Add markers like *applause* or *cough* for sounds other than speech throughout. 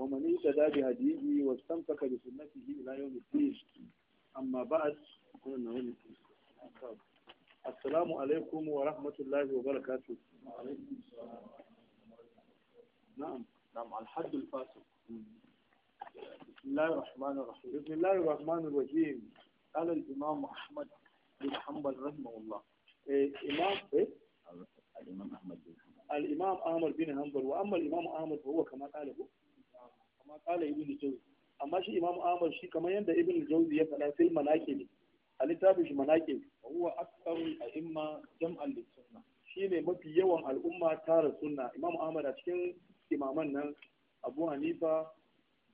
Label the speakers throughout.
Speaker 1: ومن اهتدى بهديه واستمسك بسنته الى يوم الدين اما بعد السلام عليكم ورحمه الله وبركاته نعم نعم الحد الفاصل بسم الله الرحمن الرحيم بسم الله الرحمن الرحيم قال الامام احمد بن حنبل رحمه الله إيه امام ايه الامام احمد بن حنبل الامام احمد بن حنبل واما الامام احمد فهو كما هو amma kala ibn jawzi amma shi imam ahmad shi kamar yadda ibn jawzi ya faɗa fil ne a littafin shi manaqib huwa aktsaru a'imma jam'an sunna Shi ne mafi yawan al'umma tara sunna imam ahmad a cikin imaman nan abu hanifa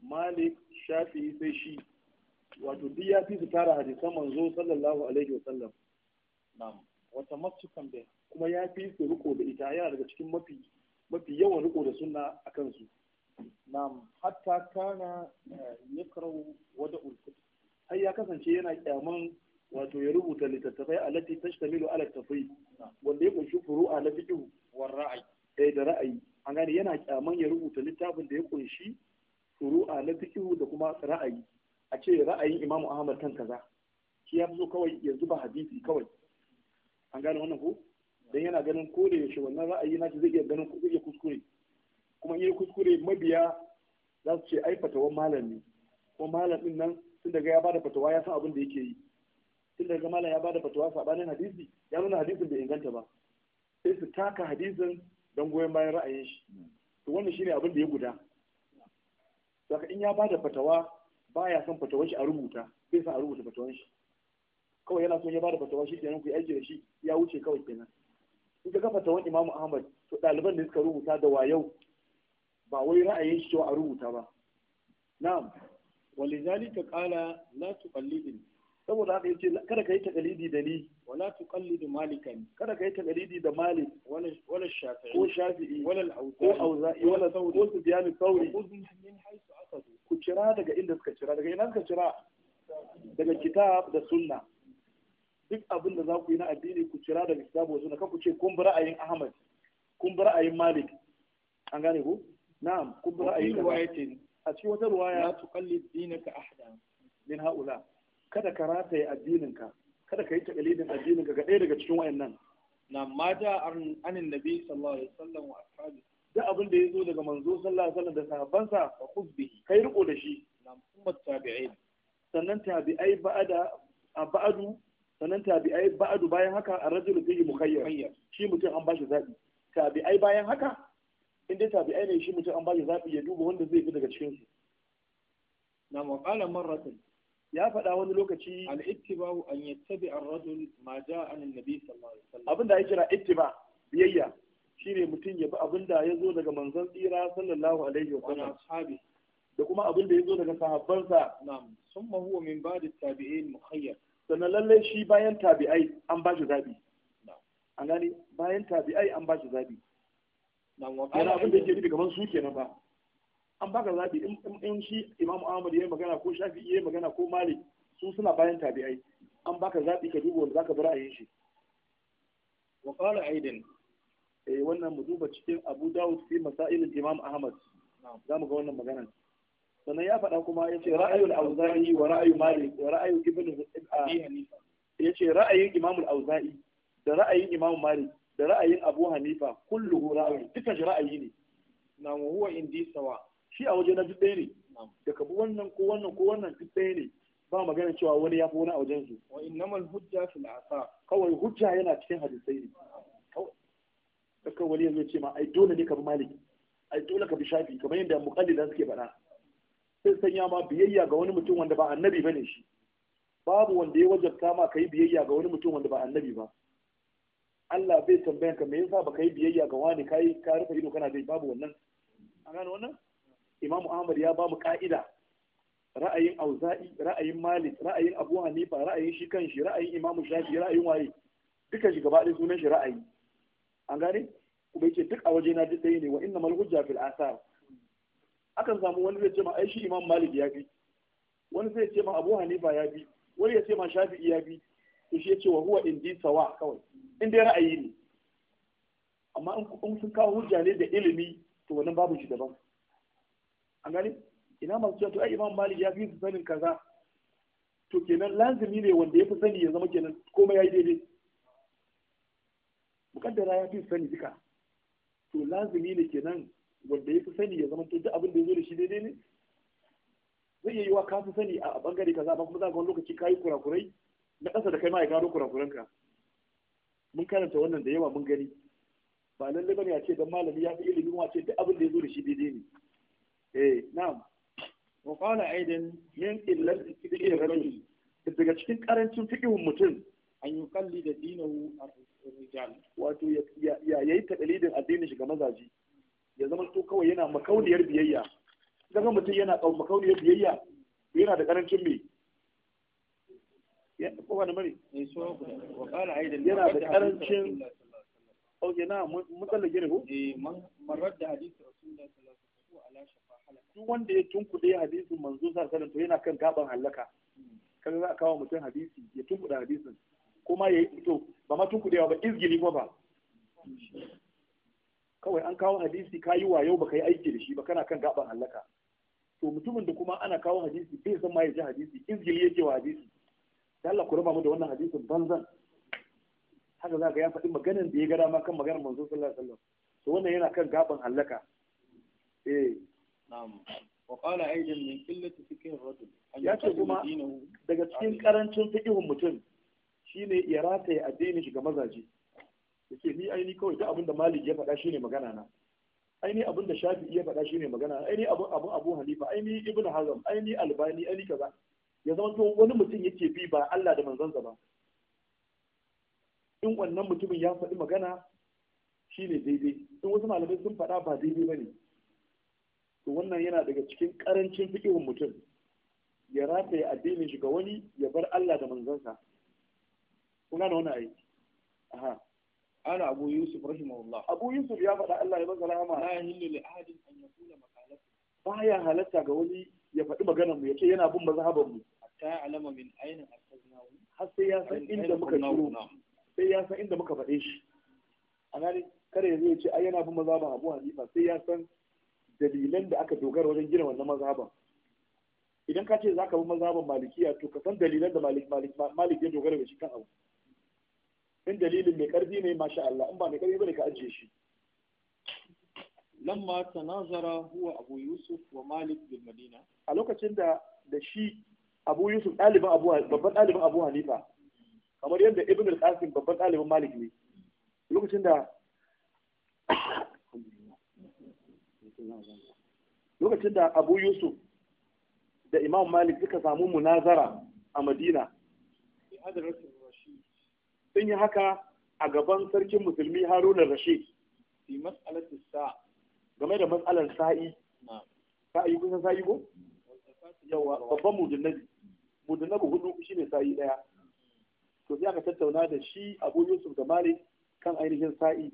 Speaker 1: malik shafi sai shi wato duk ya fi su tara hadisan manzo sallallahu alaihi wa sallam na'am wata masukan da kuma ya fi su riko da ita yana daga cikin mafi mafi yawan riko da sunna akan su nam hatta kana eh, yakrau wada ulkut ai ya kasance yana kyaman wato ya rubuta littattafai allati tashtamilu ala tafai wanda ya kunshi furu'a na fiqh war ra'ayi eh da ra'ayi an gane yana kyaman ya rubuta littafin da ya kunshi furu'a na fiqh da kuma ra'ayi a ce ra'ayin Imam Ahmad kan kaza shi ya zo kawai ya zuba hadisi kawai an gane wannan ko dan yana ganin ko da yashi wannan ra'ayi na shi zai iya ganin zai iya kuskure kuma in yi kuskure mabiya za su ce ai fatawan malam ne kuma malam din nan tun daga ya bada fatawa ya san abin da yake yi tun daga malam ya bada fatawa sabanin hadisi ya nuna hadisin bai inganta ba sai su taka hadisin don goyon bayan ra'ayin shi to wannan shine abin da ya guda saka in ya bada fatawa baya son fatawar shi a rubuta sai sa a rubuta fatawar shi kawai yana son ya bada fatawa shi kenan ku aiki da shi ya wuce kawai kenan in ka ga fatawar imamu Ahmad to ɗaliban da suka rubuta da wayau ba wai ra'ayin shi a rubuta ba na'am walizalika kala la tuqallidin saboda haka yace kada kai taqalidi da ni wala tuqallidu malikan kada kai taqalidi da malik wala wala shafi'i ko shafi'i wala al-auza'i ko awza'i wala sauri ko sufyan sauri min ku kira daga inda suka kira daga ina suka kira daga kitab da sunna duk abin da za ku yi na addini ku kira daga kitab da sunna kan ku ce kun bi ra'ayin ahmad kun bi ra'ayin malik an gane ku na'am kun bi ra'ayi riwayatin a cikin wata riwaya la tuqallid dinaka ahada min haula kada ka rataye addininka kada ka yi taqlidin addininka ga ɗaya daga cikin wayannan na'am ma ja anin nabi sallallahu alaihi wasallam wa ashabi da abin da yazo daga manzo sallallahu alaihi wasallam da sahabbansa fa khuzbihi kai riko da shi na'am kuma tabi'in sannan tabi'ai ba'ada ba'adu bayan haka a rajulu fi mukayyar. shi mutum an bashi zabi tabi'ai bayan haka in dai tabi'ai ne shi mutum an ba shi zaɓi ya duba wanda zai bi daga cikin su na maƙalan maratun ya faɗa wani lokaci al'ittiba ittibau an yattabi an rajul ma ja an nabi sallallahu alaihi wasallam abinda ya kira ittiba biyayya shine mutum ya bi abinda ya zo daga manzon tsira sallallahu alaihi wasallam da kuma abinda ya zo daga sahabbansa na'am summa huwa min ba'di tabi'in mukhayyar sannan lallai shi bayan tabi'ai an ba shi zaɓi an bayan tabi'ai an ba shi zabi ana abin da yake nufi gaban su kenan ba an baka zabi in shi imam ahmad ya yi magana ko shafi ya yi magana ko malik su suna bayan tabi'ai an baka zabi ka duba wanda zaka bi ra'ayin shi wa qala aidan eh wannan mu duba cikin abu Da'ud fi Masa'il imam ahmad za mu ga wannan magana sannan ya faɗa kuma ya ce ra'ayul auza'i wa ra'ayu malik wa ra'ayu ibn ya ce ra'ayin imam al-auza'i da ra'ayin imam malik da ra'ayin Abu Hanifa kulluhu ra'ayi duka shi ra'ayi ne na huwa indi sawa shi a waje na duk ɗaya ne da kabu wannan ko wannan ko wannan duk ɗaya ne ba magana cewa wani ya fi wani a wajen su wa innamal hujja fil asa kawai hujja yana cikin hadisai ne kawai kawai wani yanzu ce ma ai dole ne ka bi Malik. ai dole ka bi shafi kamar yadda muqallida suke faɗa sai sanya ma biyayya ga wani mutum wanda ba annabi bane shi babu wanda ya wajabta ma kai biyayya ga wani mutum wanda ba annabi ba Allah bai tambayan ka me yasa baka yi biyayya ga wani kai ka rufe ido kana dai babu wannan an gane wannan Imam Ahmad ya ba mu ka'ida ra'ayin Auza'i ra'ayin Malik ra'ayin Abu Hanifa ra'ayin shi kanshi ra'ayin Imam Shafi ra'ayin waye duka shi gaba ɗaya sunan shi ra'ayi an gane kuma yake duk a waje na duk ɗaya ne wa innamal hujja fil asar akan samu wani zai ce ma ai shi Imam Malik ya fi wani zai ce ma Abu Hanifa ya fi wani ya ce ma Shafi'i ya fi to shi ya ce wa huwa indi sawa kawai in dai ra'ayi ne amma in sun kawo hujja ne da ilimi to wannan babu shi daban an gani? ina masu cewa to ai imam malik ya fi sanin kaza to kenan lazimi ne wanda ya fi sani ya zama kenan komai ya yi daidai mukaddara ya fi sani duka to lazimi ne kenan wanda ya fi sani ya zama to duk abin da ya zo da shi daidai ne zai iya wa ka fi sani a bangare kaza ba kuma za ka wani lokaci ka yi kurakurai na ƙasa da kai ma ya gano kurakuranka mun karanta wannan da yawa mun gani ba lalle bane a ce dan malami ya fi ilimin wace da abin da ya zo da shi daidai ne eh na'am wa qala aidan min illal fiqhi rajul daga cikin karancin fiqhin mutum an yi kalli da dinahu rijal wato ya yayi taqlidin addinin shi ga mazaji ya zama to kawai yana makauniyar biyayya daga mutum yana makauniyar biyayya yana da karancin me ko wani mari eh, yana da karancin oke na matsalar gini ko eh,
Speaker 2: marar da hadisi rasulullah duk wanda
Speaker 1: ya tunkuɗe hadisin manzo sa sallan to yana kan gaban halaka hmm. kaga za a kawo mutum hadisi ya tunkuɗe hadisin kuma ya yi fito ba ma tunkuɗewa ba izgili ko ba kawai an kawo hadisi ka yi wayo ba ka yi aiki da shi ba kana kan gaban halaka to mutumin da kuma ana kawo hadisi bai san ma ya ji hadisi izgili yake wa hadisi da Allah ku raba mu da wannan hadisin banzan haka za ka ya faɗi maganin da ya gada ma kan maganar manzo sallallahu alaihi wasallam to wannan yana kan gaban halaka eh na'am wa qala aidan min qillati ar rajul ya ce kuma daga cikin karancin fiqhin mutum shine ya rataye addinin shi ga mazaje yace ni aini kawai duk abinda malik ya faɗa shine magana na aini abinda shafi'i ya faɗa shine magana aini abun abun abu hanifa aini ibnu hazm aini albani aini kaza ya zama to wani mutum yake bi ba Allah da manzansa ba in wannan mutumin ya faɗi magana shi ne daidai in wasu malamai sun faɗa ba daidai ba ne to wannan yana daga cikin ƙarancin fiƙihun mutum ya rataye addinin shi ga wani ya bar Allah da manzansa kun gane wannan ayi aha ana abu yusuf rahimahullah abu yusuf ya faɗa Allah ya masa rahama la
Speaker 2: yahillu li ahadin an yaqula
Speaker 1: Ba ya halatta ga wani ya faɗi maganar mu yace yana bin mazhaban mu ta alama min ainin akhadnahu har sai ya san inda muka ciro sai ya san inda muka faɗe shi a gani kada ya zo ya ce ai yana bin mazhaban Abu Hanifa sai ya san dalilan da aka dogara wajen gina wannan mazaban. idan ka ce zaka bi mazaban malikiya to ka san dalilan da malik malik ya dogara da shi kan abu in dalilin mai karfi ne masha Allah in ba mai karfi bane ka ajiye shi lamma tanazara huwa abu yusuf wa malik bil madina a lokacin da da shi abu yusuf ɗaliban abu babban ɗaliban abu hanifa kamar yadda ibn al-qasim babban ɗaliban malik ne lokacin da lokacin da abu yusuf da imam malik suka samu munazara a madina sun yi haka a gaban sarkin musulmi haruna rashid game da matsalar sa'i sa'i kusan sa'i ko yawa babban mudin nabi mudunabu hudu ne sa'i daya to sai aka tattauna da shi Abu Yusuf da Malik kan ainihin sa'i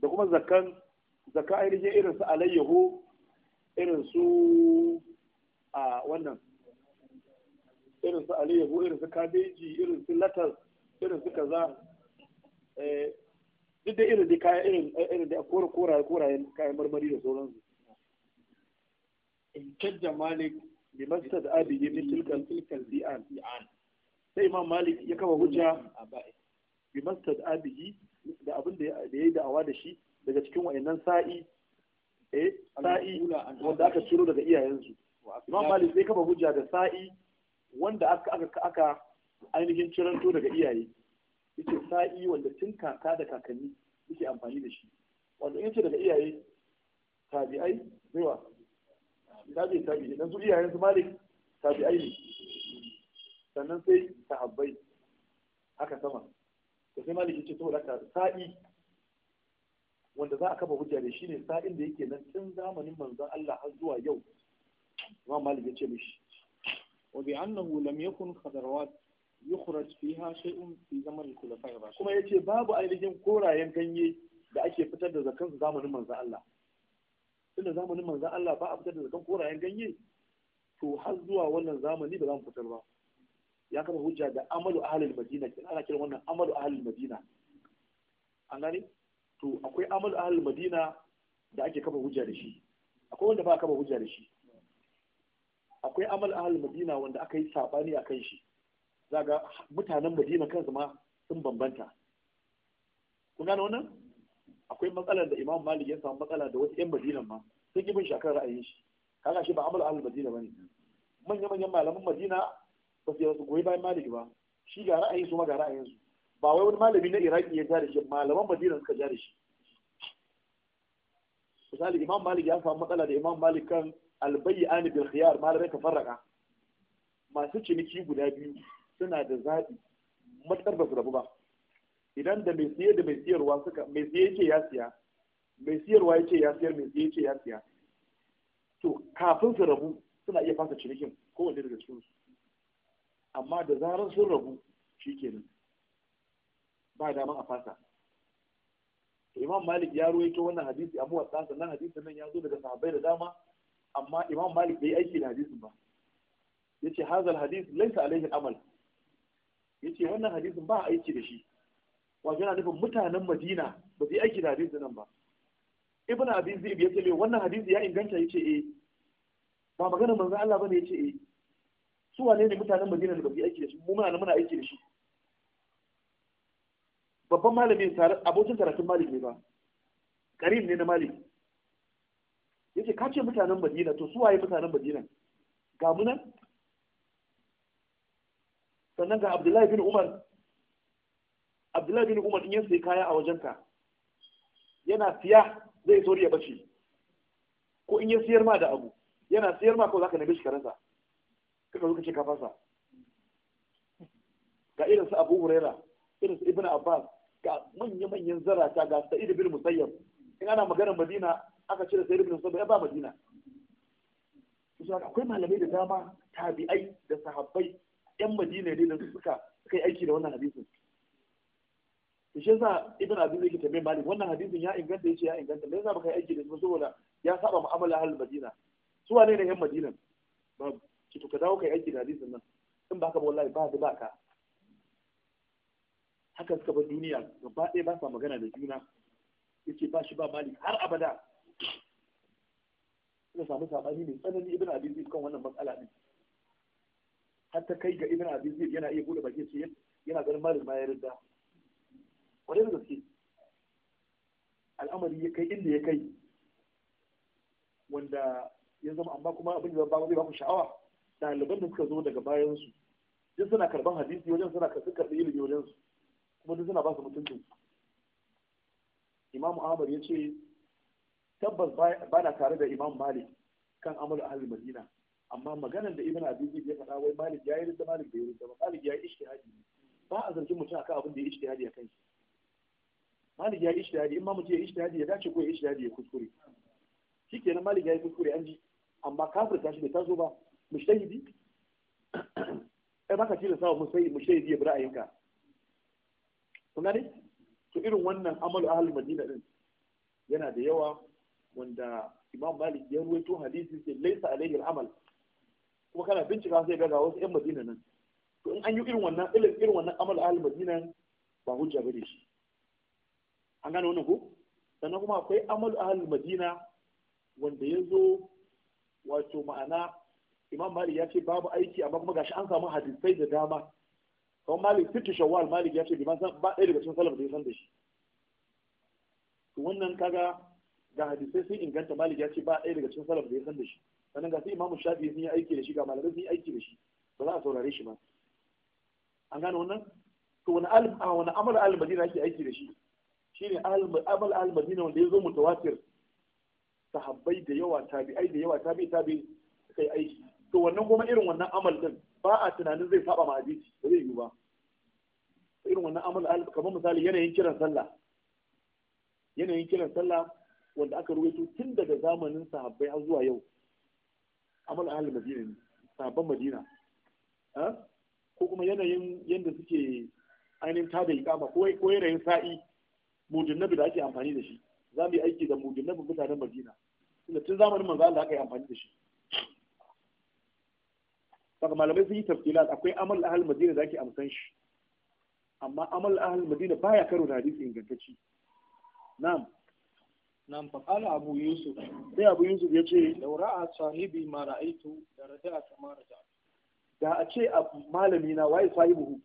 Speaker 1: da kuma zakan zaka ainihin irin su alayyahu irin su a wannan irin su alayyahu irin su kabeji irin su latas irin su kaza eh, duk da irin da kaya irin eh, irin da koraye kayan marmari da sauransu in kadda malik limastad abihi min tilkal tilkal di'an sai imam malik ya kafa hujja limastad yi da abin da yi da'awa da shi daga cikin wayannan sa'i eh sa'i wanda aka ciro daga iyayensu imam malik zai kafa hujja da sa'i wanda aka aka aka ainihin ciranto daga iyaye yace sa'i wanda tun kaka da kakanni yake amfani da shi wanda yace daga iyaye tabi'ai wasu ina zai tabi dan su iyayen su malik tabi ne sannan sai sahabbai haka sama to sai malik yace saboda haka sa'i wanda za a kafa hujja da shine sa'in da yake nan tun zamanin manzon Allah har zuwa yau imam malik yace mishi wa bi annahu lam yakun khadarawat yukhraj fiha shay'un fi zaman al-khulafa'i kuma yace babu ainihin korayen ganye da ake fitar da zakan zamanin manzon Allah tunda zamanin manzan Allah ba a fitar da zakan korayen ganye to har zuwa wannan zamani ba za mu fitar ba ya kafa hujja da amalu ahlul madina kin ana kiran wannan amalu ahlul madina an gane to akwai amalu ahlul madina da ake kafa hujja da shi akwai wanda ba a kafa hujja da shi akwai amal ahlul madina wanda aka yi sabani a kan shi zaga mutanen madina kansu ma sun bambanta kun gane wannan akwai matsalar da imam malik ya samu matsala da wasu yan madinan ma sun yi bin shi akan ra'ayin shi kaga shi ba amal ahlul madina bane manya manyan malaman madina ba su su goyi bayan malik ba shi ga ra'ayin su ma ga ra'ayin su ba wai wani malami na iraki ya ja da shi malaman madina suka ja da shi misali imam malik ya samu matsala da imam malik kan ani bil khiyar malamai ka farraka masu ciniki guda biyu suna da zaɓi matsar ba su rabu ba idan da mai siye da mai siyarwa suka mai siye yake ya siya mai siyarwa yake ya siyar mai siye yake ya siya to kafin su rabu suna iya fasa cinikin kowanne daga cikin su amma da zarar sun rabu shi kenan ba daman a fasa to imam malik ya ruwaito wannan hadisi abu wasa sannan hadisin nan ya zo daga sahabbai da dama amma imam malik bai aiki da hadisin ba yace hazal hadis laysa alaihi amal yace wannan hadisin ba aiki da shi wato yana nufin mutanen Madina ba su yi aiki da hadisin nan ba Ibn Abi Zaid ya ce eh, wannan hadisi ya inganta ce eh ba magana manzo Allah bane ce eh su wane ne mutanen Madina da ba su yi aiki da shi mu muna muna aiki da shi babban malami abokin karatun malik ne ba karim ne na malik ce ka ce mutanen madina to su waye mutanen madina ga mu nan sannan ga abdullahi bin umar abdullahi bin umar in ya sayi kaya a wajenka yana siya zai so ya bace ko in ya siyar ma da abu yana siyar ma ko zaka nabe shi karansa kaka zo kace ka fasa ga irin su Abu Huraira irin su Ibn Abbas ga manya-manyan zarata ga Sa'id bin Musayyab in ana maganar Madina aka cire Sa'id bin Musayyab ya ba Madina kusa akwai malamai da dama tabi'ai da sahabbai yan Madina ne da suka suka yi aiki da wannan hadisin to shi yasa ibn abi zai tambaye malik wannan hadisin ya inganta yace ya inganta me yasa baka yi aiki da shi saboda ya saba mu'amala ahlul madina su wane ne yan madina babu ki to ka dawo kai aiki da hadisin nan in baka ba wallahi ba da baka haka suka bar duniya gaba ɗaya ba sa magana da juna yace ba shi ba malik har abada suka samu sabani mai tsanani ibn zai kan wannan matsala din har ta kai ga ibn abdul yana iya bude baki ce yana ganin malik ma ya rida kwarai da gaske al'amari ya kai inda ya kai wanda ya zama amma kuma abin da zai ba ku sha'awa ɗaliban da suka zo daga bayan su duk suna karban hadisi wajen suna karɓi karɓi ilimi wajen su kuma duk suna ba su mutuncin imam ahmad ya ce tabbas ba na tare da imam malik kan a halin madina amma maganar da ibn abi ya faɗa wai malik ya yi da malik da ya yi da malik ya yi ishtihadi ba a zargin mutum akan abin da ya ishtihadi a kai. malik ya yi ishtihadi in ma mutum ya yi ishtihadi ya dace ko ya yi ishtihadi ya kuskure shikenan malik ya yi kuskure an ji amma kafir ta shi bai taso ba mushtahidi eh baka tilasta mu musayi mushtahidi ya bi ra'ayinka kun gane to irin wannan amalu ahlul madina din yana da yawa wanda imam malik ya ruwaito hadisi sai laisa alayhi al'amal kuma kana bincika sai ga wasu yan madina nan to in an yi irin wannan irin wannan amalu ahlul madina ba hujja bane shi an gane wannan ko sannan kuma akwai amalu ahal madina wanda ya zo wato ma'ana imam malik ya ce babu aiki amma kuma gashi an samu hadisai da dama kawai malik fitu shawwal malik ya ce bi san ba ɗaya daga cikin salaf da ya san da shi to wannan kaga ga hadisai sun inganta malik ya ce ba ɗaya daga cikin salaf da ya san da shi sannan ga sai imam shafi sun yi aiki da shi ga malamai sun yi aiki da shi ba za a saurare shi ba an gane wannan to wani alim a wani amal al-madina yake aiki da shi shine abal al madina wanda ya zo mutawatir sahabbai da yawa tabi'ai da yawa tabi tabi suka yi aiki to wannan kuma irin wannan amal din ba a tunanin zai saba ma hadisi ba zai yi ba irin wannan amal kamar misali yanayin kiran sallah yanayin kiran sallah wanda aka ruwaito tun daga zamanin sahabbai har zuwa yau amal al madina ne sahabban madina eh? ko kuma yanayin yadda suke ainihin tada iqama ko ko yanayin sa'i mudin da ake amfani da shi za mu yi aiki da mudin mutanen madina tunda tun zamanin manzo Allah aka yi amfani da shi daga malamai sun yi tafsilat akwai amal ahal madina da ake amsan shi amma amal ahal madina baya karo da hadisi ingantacci na'am fa qala abu yusuf sai abu yusuf ya ce laura a sahibi ma ra'aitu da raja'a kama raja'a da a ce malami na wai sahibu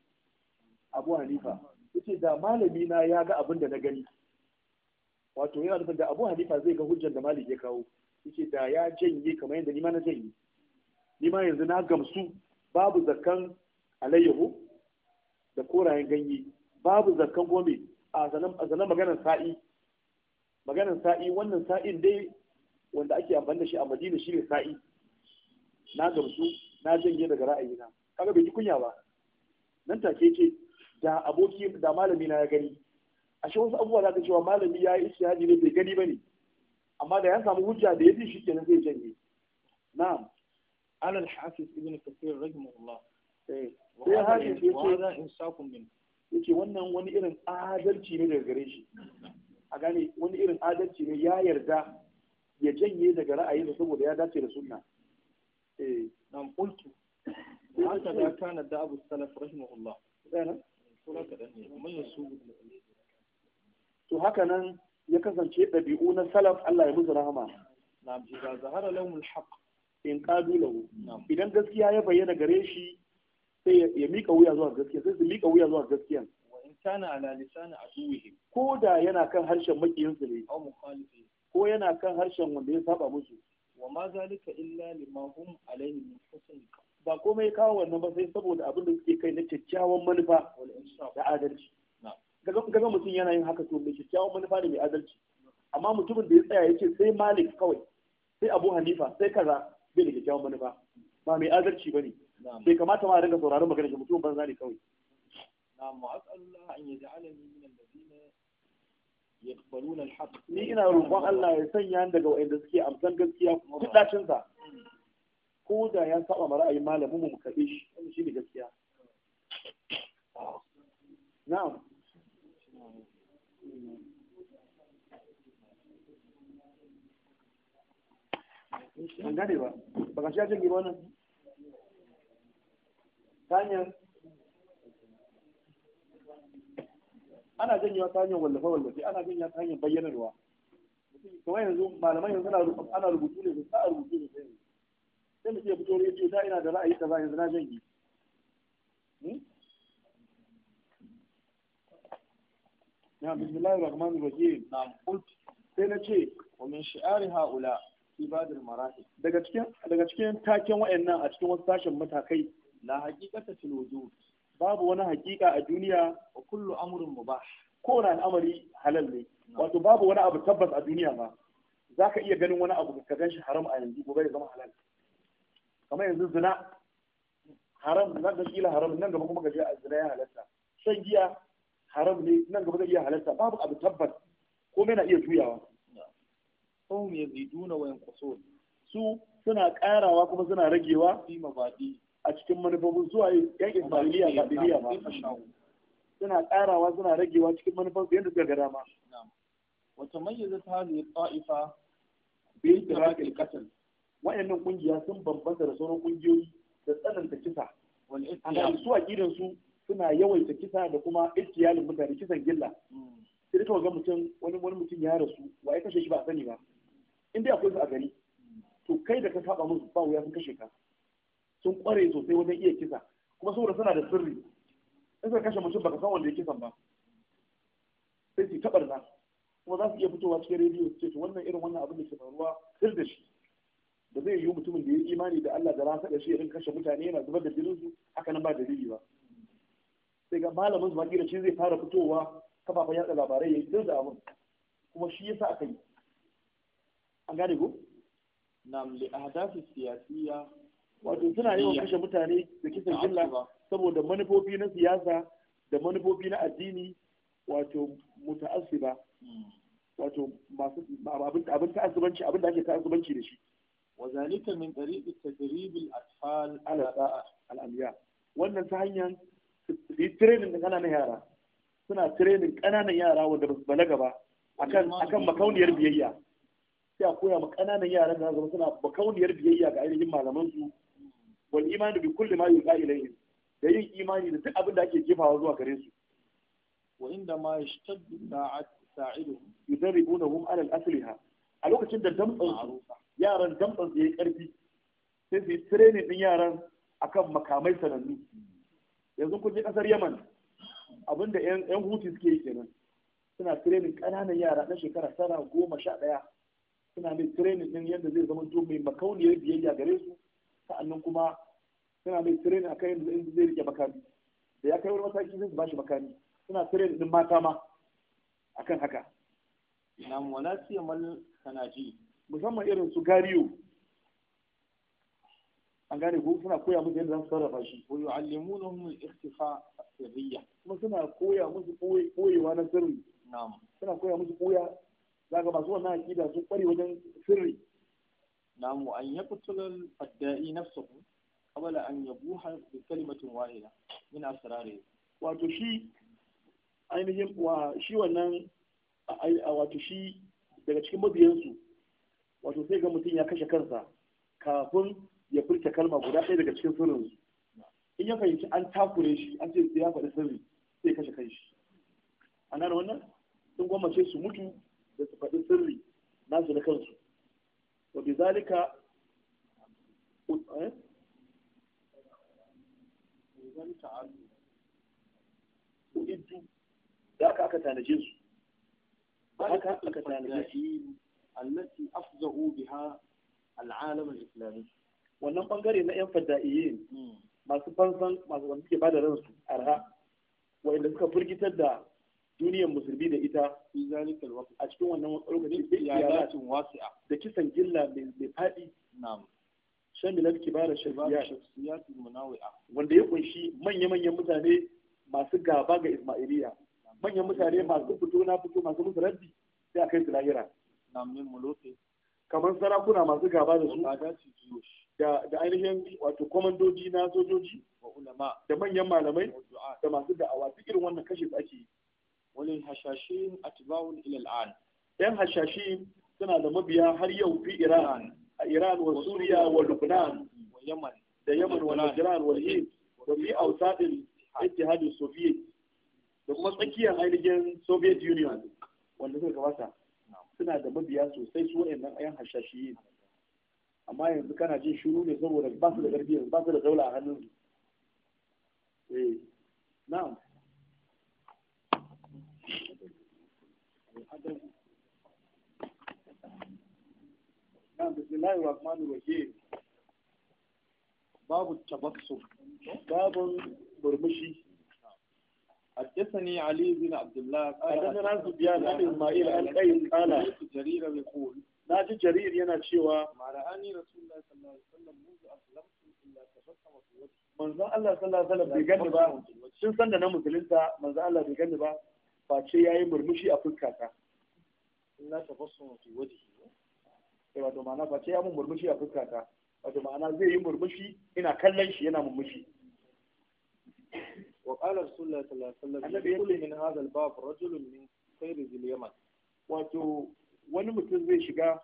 Speaker 1: abu hanifa yace da malami na ya ga abin da na gani wato yana nufin da Abu Halifa zai ga hujjar da Malik ya kawo yace da ya janye kamar yadda ni na janye ni yanzu na gamsu babu zakan alayyahu da korayen ganye babu zakan gome a zanen maganar sa'i maganar sa'i wannan sa'in dai wanda ake amfani da shi a madina shi ne sa'i na gamsu na janye daga ra'ayina kaga bai ji kunya ba nan take ce da aboki da malami na ya gani ashe wasu abubuwa za ka cewa malami ya yi ijtihadi ne bai gani ba ne amma da ya samu hujja da ya fi shi kenan zai janye na'am ala al-hafiz ibn kathir rahimahullah eh, sai in yace kun min yake wannan wani irin adalci ne daga gare shi a gane wani irin adalci ne ya yarda ya janye daga ra'ayinsa saboda ya dace da sunna eh nan qultu haka da kana da abu salaf rahimahullah to haka nan ya kasance ɗabi'u na salaf Allah ya musu rahama zahara in ƙadu lahu idan gaskiya ya bayyana gare shi sai ya mika wuya zuwa gaskiya sai su miƙa wuya zuwa gaskiya wa in kana ala lisani aduwihim ko da yana kan harshen makiyinsu ne ko yana kan harshen wanda ya saba musu wa ma zalika illa lima hum alayhi min husnil ba komai kawo wannan ba sai saboda abin da suke kai na kyakkyawan manufa da adalci gaga mutum yana yin haka to mai kyakkyawan manufa da mai adalci amma mutumin da ya tsaya ce sai malik kawai sai abu hanifa sai kaza bai da kyakkyawan manufa ba mai adalci ba ne bai kamata ma a dinga sauraron magana shi mutumin banza ne kawai ni ina roƙon Allah ya sanya ni daga wa'anda suke amsan gaskiya kudacin sa ko da ya saba ma ra'ayin malamin mu mu kaɗe shi wannan ne gaskiya na'am an gane ba ba ka sha jirgi wannan tanya ana janyewa ta hanyar wallafe-wallafe ana janyewa ta hanyar bayyanarwa kuma yanzu malamai yanzu ana rubutu ne su sa rubutu ne sai sai mu iya fito ce da ina da ra'ayi kaza yanzu na janye na hmm? bismillahir rahmanir rahim na kult sai na ce wa min shi'ari haula ibadul marahi daga cikin daga cikin taken wayannan a cikin wasu sashen matakai la haqiqata fil wujud babu wani haqiqa a duniya wa kullu amrun mubah kowane al'amari halal ne wato babu wani abu tabbas a duniya ba za ka iya ganin wani abu ka gan shi haram a yanzu gobe ya zama halal kamar yanzu zina haram nan da kila haram nan gaba kuma ka a zina ya halatta shan giya haram ne nan gaba zai iya halatta babu abu tabbas me na iya juyawa fahim duna wayan yanqusun su suna karawa kuma suna ragewa fi mabadi a cikin manufofin zuwa yan ismailiya ga diriya ma suna karawa suna ragewa cikin manufofin yadda suka ga dama wata mayyaza ta ne ta'ifa bi tirakil qatl wa'annan kungiya sun bambanta da sauran kungiyoyi da tsananta kisa an su a gidan su suna yawaita kisa da kuma ikiyalin mutane kisan gilla hmm. sai kawai ga mutum wani wani mutum ya rasu wa ya kashe shi ba a sani ba in dai akwai su a gari to kai da ka saba musu ba wuya sun kashe ka sun kware sosai wajen iya kisa kuma saboda suna da sirri in suka kashe mutum baka san wanda ya kisan ba sai su taɓarna kuma za su iya fitowa cikin rediyo su ce to wannan irin wannan abin da ke faruwa sir da shi da zai yi mutumin da ya yi imani da Allah da rasa da shi irin kashe mutane yana zubar da jinin su haka nan ba dalili ba sai ga malamin zuwa bakira shi zai fara fitowa kafafen yatsa labarai ya yi duk da abin kuma shi yasa aka yi an gane ko nam li ahdafi siyasiya wato suna yawan kashe mutane da kisan jilla saboda manufofi na siyasa da manufofi na addini wato muta'assiba hmm. wato masu abin ta'assubanci abin da ake ta'assubanci da shi وذلك من طريق تدريب الأطفال على الأنبياء wannan ta hanyar su yi tirenin da ƙananan yara suna tirenin ƙananan yara wanda ba su balaga ba akan makauniyar biyayya sai a koya ma ƙananan yaran da zama suna makauniyar biyayya ga ainihin malaman su wal imani bi kulli ma yuqa ilayhim da yin imani da duk abin da ake jefawa zuwa gare su wa inda ma yashtaddu da'at sa'iduhum yudarribunahum ala al-asliha a lokacin da damtsan yaran damtsan su yi karfi sai su yi training din yaran akan makamai sanannu yanzu kun ji kasar yaman abinda yan hutu suke yi kenan suna training ƙananan yara na shekara tara goma sha ɗaya suna mai training din yadda zai zama to mai makauniyar biyayya gare su sa'annan kuma suna mai training akan yadda zai rike makami da ya kai wani mataki zai ba shi makami suna training din mata ma akan haka mu na'am siyan siyamal sanaji musamman irin su gariyo an gane ko suna koya musu yadda za su sarrafa shi wa yu'allimunahum al-ikhtifa sirriya kuma suna koya musu koyewa na sirri na'am suna koya musu koya zaka masu wannan akida su kware wajen sirri na'am wa an yaqtula al-fadda'i nafsuhu qabla an yabuha bi kalimatin wahida min asrari wato shi ainihin wa shi wannan wato shi daga cikin mabiyansu wato sai ga mutum ya kashe kansa kafin ya furta kalma guda ɗaya daga cikin sirrin in ya fahimci an takure shi an ce ya faɗi sirri sai kashe shi. a nan wannan sun gwamace su mutu da su faɗi sirri nasu da kansu zalika bi zalika eh? uiddu da aka aka tanaje su ka aka tanaje su allati afza'u biha al'alam al wannan bangare na yan fada'iyin masu banzan masu wanda suke bada ransu arha wa'inda suka firgitar da duniyar musulmi da ita a cikin wannan lokaci da iyalatin da kisan gilla mai faɗi na'am shamilar kibarar shakhsiyat munawi'a wanda ya kunshi manya-manyan mutane masu gaba ga Ismailiyya manyan mutane masu fito na fito masu musu rabbi sai a kai su lahira min kamar sarakuna masu gaba da su da ainihin wato komandoji na sojoji da manyan malamai da masu da'awa duk irin wannan kashe da ake wani hashashi a ila ilal'an yan hashashi suna da mabiya har yau fi iran a iran wa suriya wa lubnan da yaman wa najiran wa hind da fi awsadin ittihad soviet da kuma tsakiyar ainihin soviet union wanda suka gabata suna da mabiya sosai su wa'annan ayan hashashiyin amma yanzu kana jin shiru ne saboda ba su da ƙarfi yanzu ba su da daula a hannun su eh na'am na'am bismillahir rahmanir rahim babu tabassu babu burmushi حدثني علي بن عبد الله قال حدثنا سفيان عن اسماعيل عن قيس قال
Speaker 2: جرير يقول
Speaker 1: ناجي جرير ينا شيوا
Speaker 2: ما رآني رسول الله صلى الله عليه وسلم منذ أسلمت إلا تبسم في وجهي manzo
Speaker 1: Allah sallallahu alaihi wasallam bai gani ba sun san da na musulunta manzo Allah bai gani ba face yayi murmushi a fuska fuskata inna tafassum fi wajhi sai wato ma'ana face ya mun murmushi a fuska fuskata wato ma'ana zai yi murmushi ina kallon shi yana murmushi wa qala rasulullahi sallallahu alaihi wasallam min hadha al-bab rajulun min khayr al اليمن wato wani mutum zai shiga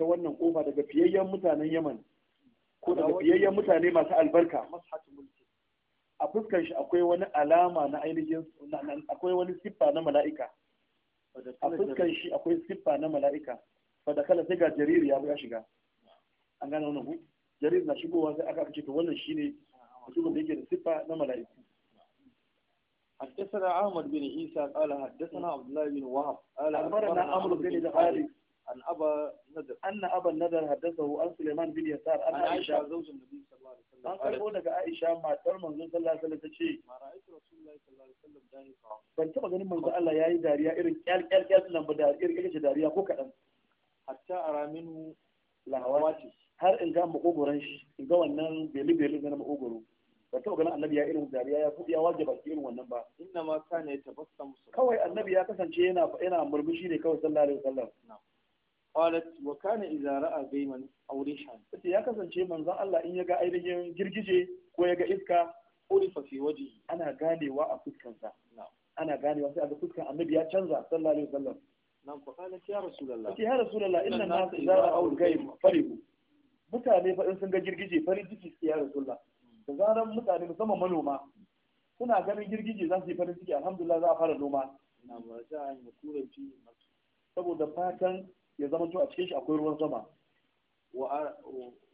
Speaker 1: ta wannan kofa daga fiyayyen mutanen Yaman ko daga fiyayyen mutane masu albarka a fuskan shi akwai wani alama na ainihin akwai wani siffa na mala'ika a fuskan shi akwai siffa na mala'ika fada kala sai ga jariri ya ya shiga an gane wannan jariri na shigowa sai aka ce to wannan shine ah, ah, mutumin da yake da siffa na mala'iku حدثنا أحمد بن عيسى قال حدثنا عبد الله بن وهب قال أخبرنا عمرو بن الحارث عن أبا نذر أن أبا نذر حدثه عن سليمان بن يسار زوج النبي صلى الله عليه وسلم daga Aisha matar manzon صلى الله عليه وسلم tace
Speaker 2: ma ban taba
Speaker 1: ganin manzo Allah yayi dariya irin kyal kyal kyal nan ba dariya dariya ko kaɗan. hatta Aminu minhu har in ga makogoran shi in ga wannan beli beli na makogoro ba taɓa ganin annabi ya irin dariya ya ya waje baki irin wannan ba inna ma kana yatabassam kawai annabi ya kasance yana yana murmushi ne kawai sallallahu alaihi wasallam qalat wa kana idza ra'a gaiman aw rihan ya kasance manzon Allah in ya ga ainihin girgije ko ya ga iska urifa fi waji ana ganewa a fuskansa ana ganewa sai a ga fuskan annabi ya canza sallallahu alaihi wasallam nan fa qalat ya rasulullah ya rasulullah inna nas idza ra'aw gaim farihu mutane fa in sun ga girgije farin ciki ya rasulullah da zarar mutane musamman manoma suna ganin girgije za su yi farin ciki alhamdulillah za a fara noma
Speaker 2: na marja an yi turanci
Speaker 1: saboda fatan ya zama to a cikin shi akwai ruwan sama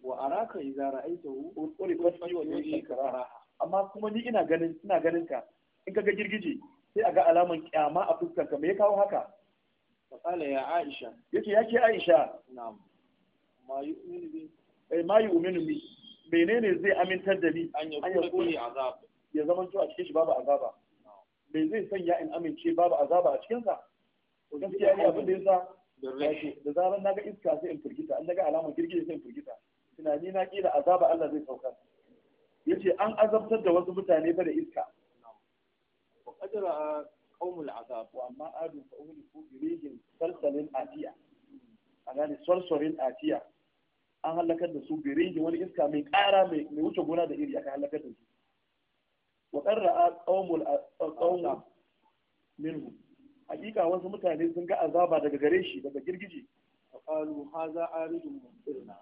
Speaker 1: wa araka idza ra'aytahu qul qad wa karaha amma kuma ni ina ganin ina ganin ka in kaga girgije sai a ga alaman kyama a fuskar ka me ya kawo haka faqala ya aisha Yake yake aisha na'am ma yu'minu bi eh ma yu'minu bi menene zai amintar da ni an ya kuni azab ya zama a cikin shi babu azaba me zai sanya in amince babu azaba a cikinsa to gaskiya ne abin da yasa da zaran naga iska sai in firgita an naga alamar girgije sai in firgita tunani na kila azaba Allah zai saukar yace an azabtar da wasu mutane ba da iska wa qadara qaumul azab wa amma adu fa uhliku bi rijin salsalin atiya a gane sarsarin atiya an halakar da su birin wani iska mai ƙara mai wuce gona da iri aka halakar da su wa a qaumul qauma minhu hakika wasu mutane sun ga azaba daga gare shi daga girgije فقالوا هذا عارض ممطرنا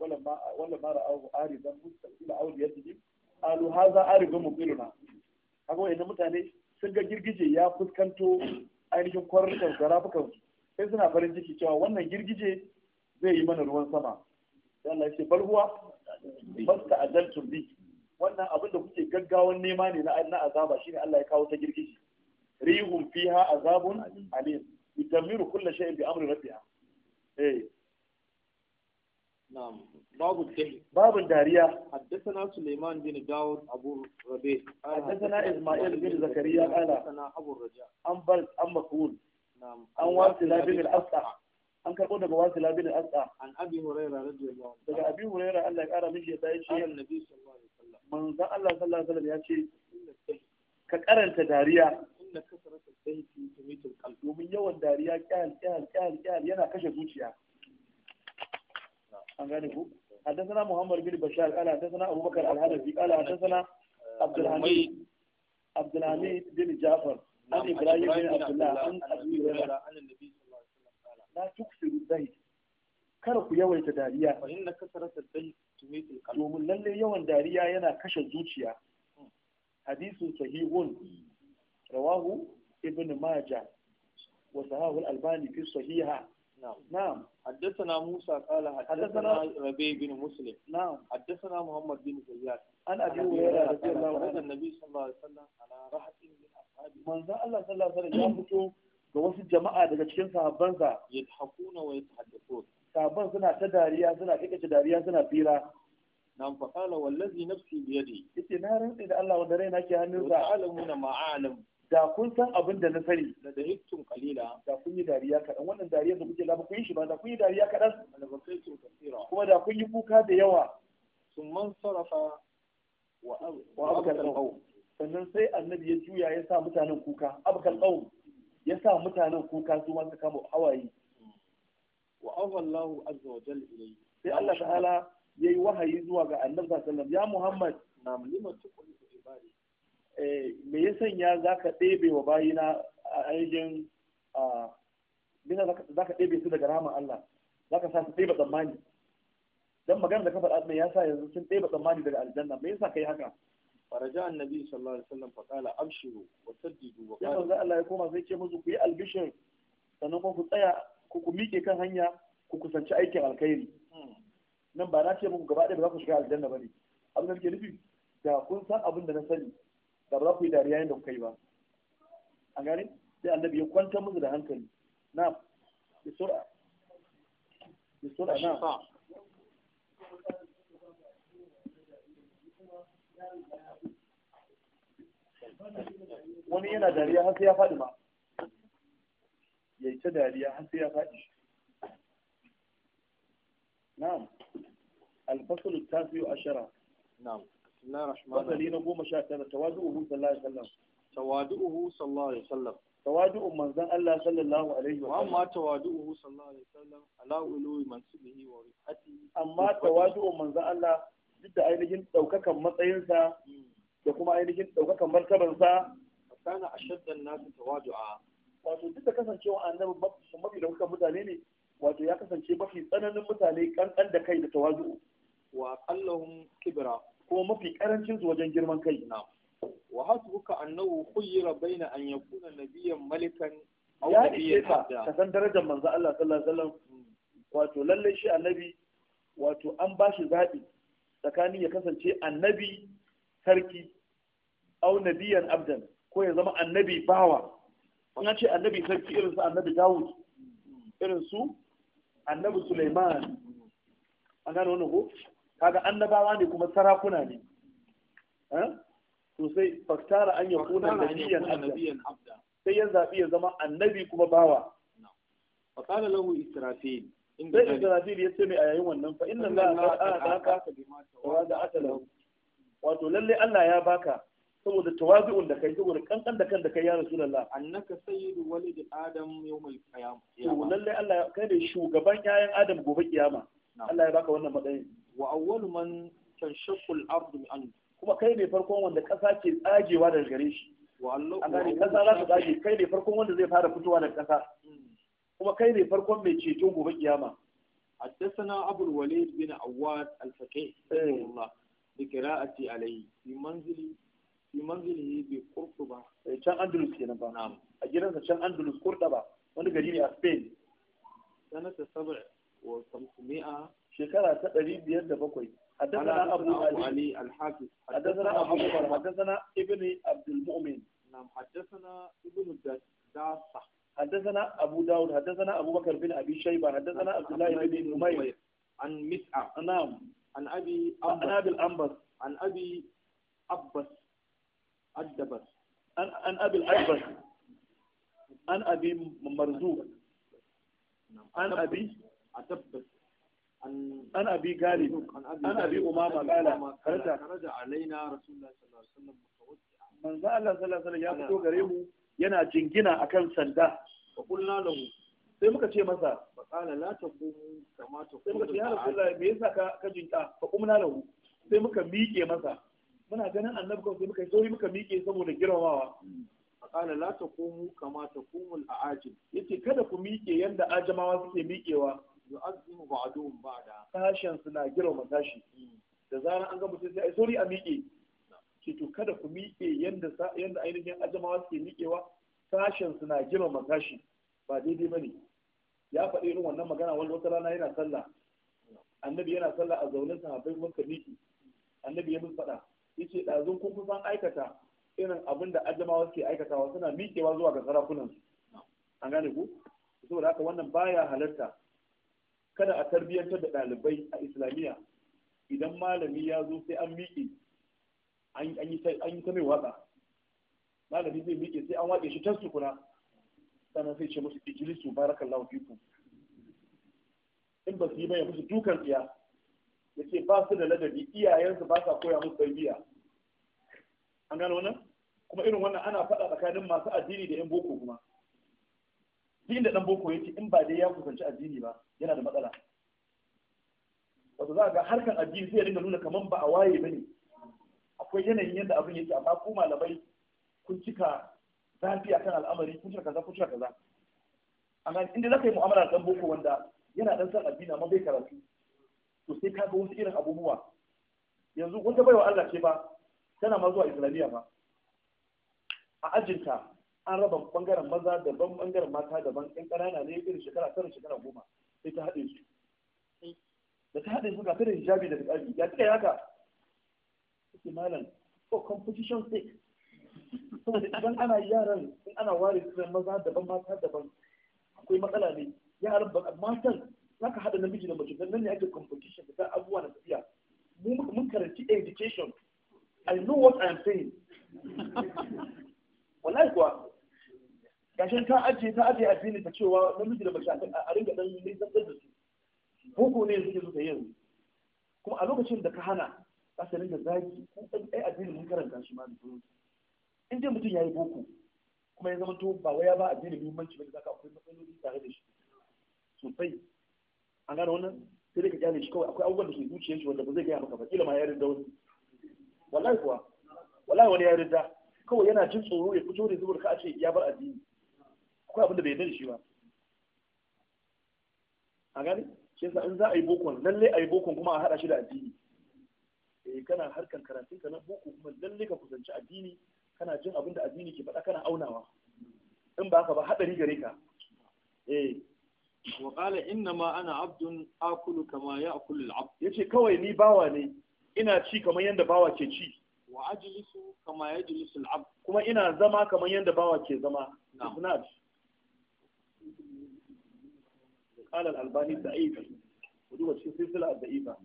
Speaker 1: ولما ولما a عارضا مستقبل أوديتهم قالوا هذا عارض ممطرنا haka wani mutane sun ga girgije ya fuskanto ainihin kwarantar zarafukan sai suna farin ciki cewa wannan girgije zai yi mana ruwan sama sai ya ce huwa bi wannan abin da kuke gaggawan nema ne na azaba azaba shine Allah ya kawo ta girgiji Rihun fiha azabun alim yutammiru kulli shay'in bi amri rabbiha eh نعم باب الدهي باب الدارية حدثنا سليمان بن داود أبو ربيع حدثنا إسماعيل بن زكريا قال حدثنا أبو الرجاء An بلد أم مكهول نعم أم واصلة an karbo daga wasu labin al'asa an abi huraira radiyallahu daga abi huraira Allah ya kara mishi yadda yace annabi sallallahu alaihi wasallam Allah sallallahu alaihi wasallam ce ka karanta dariya
Speaker 2: inna kasratu
Speaker 1: tumitul qalb domin yawan dariya kyal kyal kyal kyal yana kashe zuciya an gane ku حدثنا محمد بن بشار قال حدثنا ابو بكر الحنفي قال حدثنا
Speaker 2: عبد الحميد
Speaker 1: عبد الحميد بن جعفر عن ابراهيم بن عبد الله عن ابي هريره عن النبي la tuksiru zai Kar ku yawaita dariya fa inna kasarata zai domin lalle yawan dariya yana kashe zuciya hadisun sahihun rawahu ibn majah wa sahahu al-albani fi sahiha نعم حدثنا موسى قال حدثنا ربيع بن مسلم نعم حدثنا محمد بن زياد عن ابي هريره رضي الله عنه النبي صلى الله عليه
Speaker 2: وسلم على راحه من
Speaker 1: اصحابه من ذا الله صلى الله عليه وسلم ga wasu jama'a daga cikin sahabbansa
Speaker 2: yadhakuna wa yatahaddathun
Speaker 1: sahabban suna ta dariya suna kike dariya suna fira nan fa qala wallazi nafsi bi yadi yace na rantsi da Allah wanda raina ke hannunsa ta'lamuna ma'alam da kun san abin da na sani da da hittum qalila da kun yi dariya kadan wannan dariya da kuke lafa kun yi shi ba da kun yi dariya kadan albakaitu kaseera kuma da kun yi kuka da yawa
Speaker 2: man sarafa wa abkal qawm
Speaker 1: sannan sai annabi ya juya ya sa mutanen kuka abkal qawm ya sa mutanen kuka su masu kama hawaye wa awallahu azza wa jalla ilayhi sai Allah ta'ala yayi wahayi zuwa ga Annabi sallallahu alaihi wasallam ya Muhammad nam lima tuqulu ibadi eh me ya sanya zaka ɗebe wa bayina a ajin a dina zaka ɗebe su daga rahman Allah zaka sa su ɗebe tsammani dan magana da kafar faɗa ya sa yanzu sun ɗebe tsammani daga aljanna me yasa kai haka faraja annabi sallallahu alaihi wasallam fa qala abshiru wa saddidu wa qala manzo Allah ya koma sai ce musu ku yi albishir sannan kuma ku tsaya ku ku miƙe kan hanya ku kusanci aikin alkhairi hmm. nan ba na ce muku gaba ɗaya ba za ku shiga aljanna ba ne. abin da nake nufi da kun san abin da na sani da ba za ku yi dariya yadda ku kai ba an gane sai annabi ya kwanta musu da hankali na bisura bisura na
Speaker 2: wani yana dariya
Speaker 1: har sai ya faɗi ma ya yi ta dariya har sai ya faɗi na'am alfasul ta fiye ashara na'am fasali na goma sha tara tawadu'uhu sallallahu alaihi wasallam uhu sallallahu alaihi wasallam tawadu'u manzon Allah sallallahu alaihi wasallam amma uhu
Speaker 2: sallallahu alaihi wasallam ala ulu mansubihi wa rihati amma tawadu'u
Speaker 1: manzon Allah duk da ainihin ɗaukakan matsayinsa da kuma ainihin ɗaukakan martabarsa kana ashaddan nasu tawadu'a wato duk da kasancewa annabi mafi ɗaukakan mutane ne wato ya kasance mafi tsananin mutane kankan da kai da tawazu'u wa qallahum kibra kuma mafi karancin su wajen girman kai na wa hasbuka annahu khayyira baina an ya yakuna nabiyyan malikan aw nabiyyan abda ka san darajar manzo Allah sallallahu alaihi wasallam mm. wato lallai shi annabi wato an ba shi zaɓi. tsakanin ya kasance annabi sarki au nabiyan abdan ko ya zama annabi bawa an ce annabi sarki irin su annabi dawud irin su annabi suleiman an gano wani ko kaga annabawa ne kuma sarakuna ne sosai eh? faktara an yi kuna nabiyan abdan sai ya zaɓi ya zama annabi kuma bawa faƙala lahu israfil sai Israfil ya ce mai a yayin wannan fa inna Allah qad ataka wa da'ata lahu wato lalle Allah ya baka saboda tawazu'un da kai saboda kankan da kan da kai ya Rasulullah annaka sayyidu walid adam yawmal qiyamah to lalle Allah kai da shugaban yayan Adam gobe kiyama Allah ya baka wannan matsayin wa awwalu man tanshaqqu al-ard an kuma kai ne farkon wanda kasa ke tsagewa daga gare shi wa Allah kasa za ta tsage kai ne farkon wanda zai fara fitowa daga kasa hmm. kuma kai ne farkon mai ceto gobe iyama. a dasa na abu wali bina a watan alfakɛ. da kira ajiyar layi. kuma man gani ne bai ƙurɓu ba. a gidan sa can andalus kurɗa wani gari ne a spain. sanata saba'in wa samusumi'a. shekara ta ɗari biyar da bakwai. ala na sa amfani alhafi. a dasa abdul buɗumin. a dasa na ibun حدثنا أبو داود حدثنا أبو بكر بن أبي شيبة حدثنا عبد الله بن نمير عن مسعى نعم عن أبي عن أبي الأنبر عن أبي أبس الدبس عن أبي الأبس عن أبي مرزوق عن أبي أتبس عن أبي غالب عن أبي أمامة قال خرج علينا رسول
Speaker 2: الله صلى الله عليه وسلم
Speaker 1: متوضئا من الله صلى الله عليه وسلم يا فتو غريمو yana jingina akan sanda fa da mu sai muka ce masa fa qala la taqum kama taqum sai muka ce ya rasulullahi me yasa ka ka jinka fa da mu sai muka miƙe masa muna ganin annabi kawai sai muka yi sauri muka miƙe saboda girmamawa fa qala la taqumu kama taqumu al-aajil yace kada ku miƙe yanda ajamawa suke miƙewa yu'azzimu ba'duhum ba'da tashin suna girma tashi hmm. da zarar an ga mutum sai ai sauri a miƙe ce to kada ku miƙe yanda yanda ainihin ajamawa suke miƙewa sashen suna girma tashi ba daidai ba ne ya faɗi irin wannan magana wani wata rana yana sallah annabi yana sallah a zaunin sahabbai kuma ka miki annabi ya min faɗa yace ɗazun kun san aikata irin abin da ajamawa suke aikatawa suna miƙewa zuwa ga sarakunan an gane ku saboda haka wannan baya halarta kada a tarbiyyantar da ɗalibai a islamiyya idan malami ya zo sai an miƙe an yi ta mai watsa malami zai miƙe sai an waƙe shi can sukuna sannan sai ce musu ijilisu barakallahu fikum in ba su yi bayan musu dukan iya ya ce ba su da ladabi iyayensu ba sa koya musu tarbiyya an gano wannan kuma irin wannan ana faɗa tsakanin masu addini da 'yan boko kuma duk inda ɗan boko ya in ba dai ya kusanci addini ba yana da matsala wato za ga harkan addini sai ya dinga nuna kaman ba a waye ba ne akwai yanayin yadda abin yake amma ku malamai kun cika zafi akan al'amari kun cika kaza kun cika kaza amma inda zaka yi mu'amala da boko wanda yana dan san addini amma bai karatu to sai ka ga wasu irin abubuwa yanzu bai baiwa Allah ce ba tana ma zuwa islamiyya ba a ajinta an raba bangaren maza daban bangaren mata daban yan ƙanana ne irin shekara tara shekara goma sai ta haɗe su da ta haɗe su ga tare hijabi da fitsari ya kika haka take malam for competition sake idan ana yaran in ana ware su maza daban mata daban akwai matsala ne yaran ba matan zaka hada namiji da mace dan nan ne ake competition da abubuwa na tafiya mu mun karanci education i know what i am saying *laughs* wallahi kuwa gashin ta ajiye ta a fili ta cewa namiji da mace a ringa dan nisan da su boko ne suke zuwa ta kuma a lokacin da ka hana za su ringa zagi ko ɗan ɗaya addini mun karanta shi ma da in dai mutum ya yi boko kuma ya zama to ba waya ba addini muhimmanci ba da zaka akwai matsaloli tare da shi sosai an gane wannan sai dai ka kyale shi kawai akwai abubuwan da ke zuciyar shi wanda ba zai gaya maka ba kila ma ya rinda wani wallahi kuwa wallahi wani ya rinda kawai yana jin tsoro ya fito da zubar ka a ce ya bar addini akwai abin da bai yarda da shi ba a gane shi yasa in za a yi bokon lalle a yi bokon kuma a haɗa shi da addini eh kana harkan karatun ka na boko kuma lalle ka kusanci addini kana jin abin da addini ke faɗa kana aunawa in ba ka ba haɗari gare ka eh wa qala inna ma ana abdun akulu kama ya'kulu al-abd yace kawai ni bawa ne ina ci kamar yanda bawa ke ci wa ajlisu kama yajlisu al-abd kuma ina zama kamar yanda bawa ke zama Na qala al-albani ضعيف ودوba cikin silsila da'ifa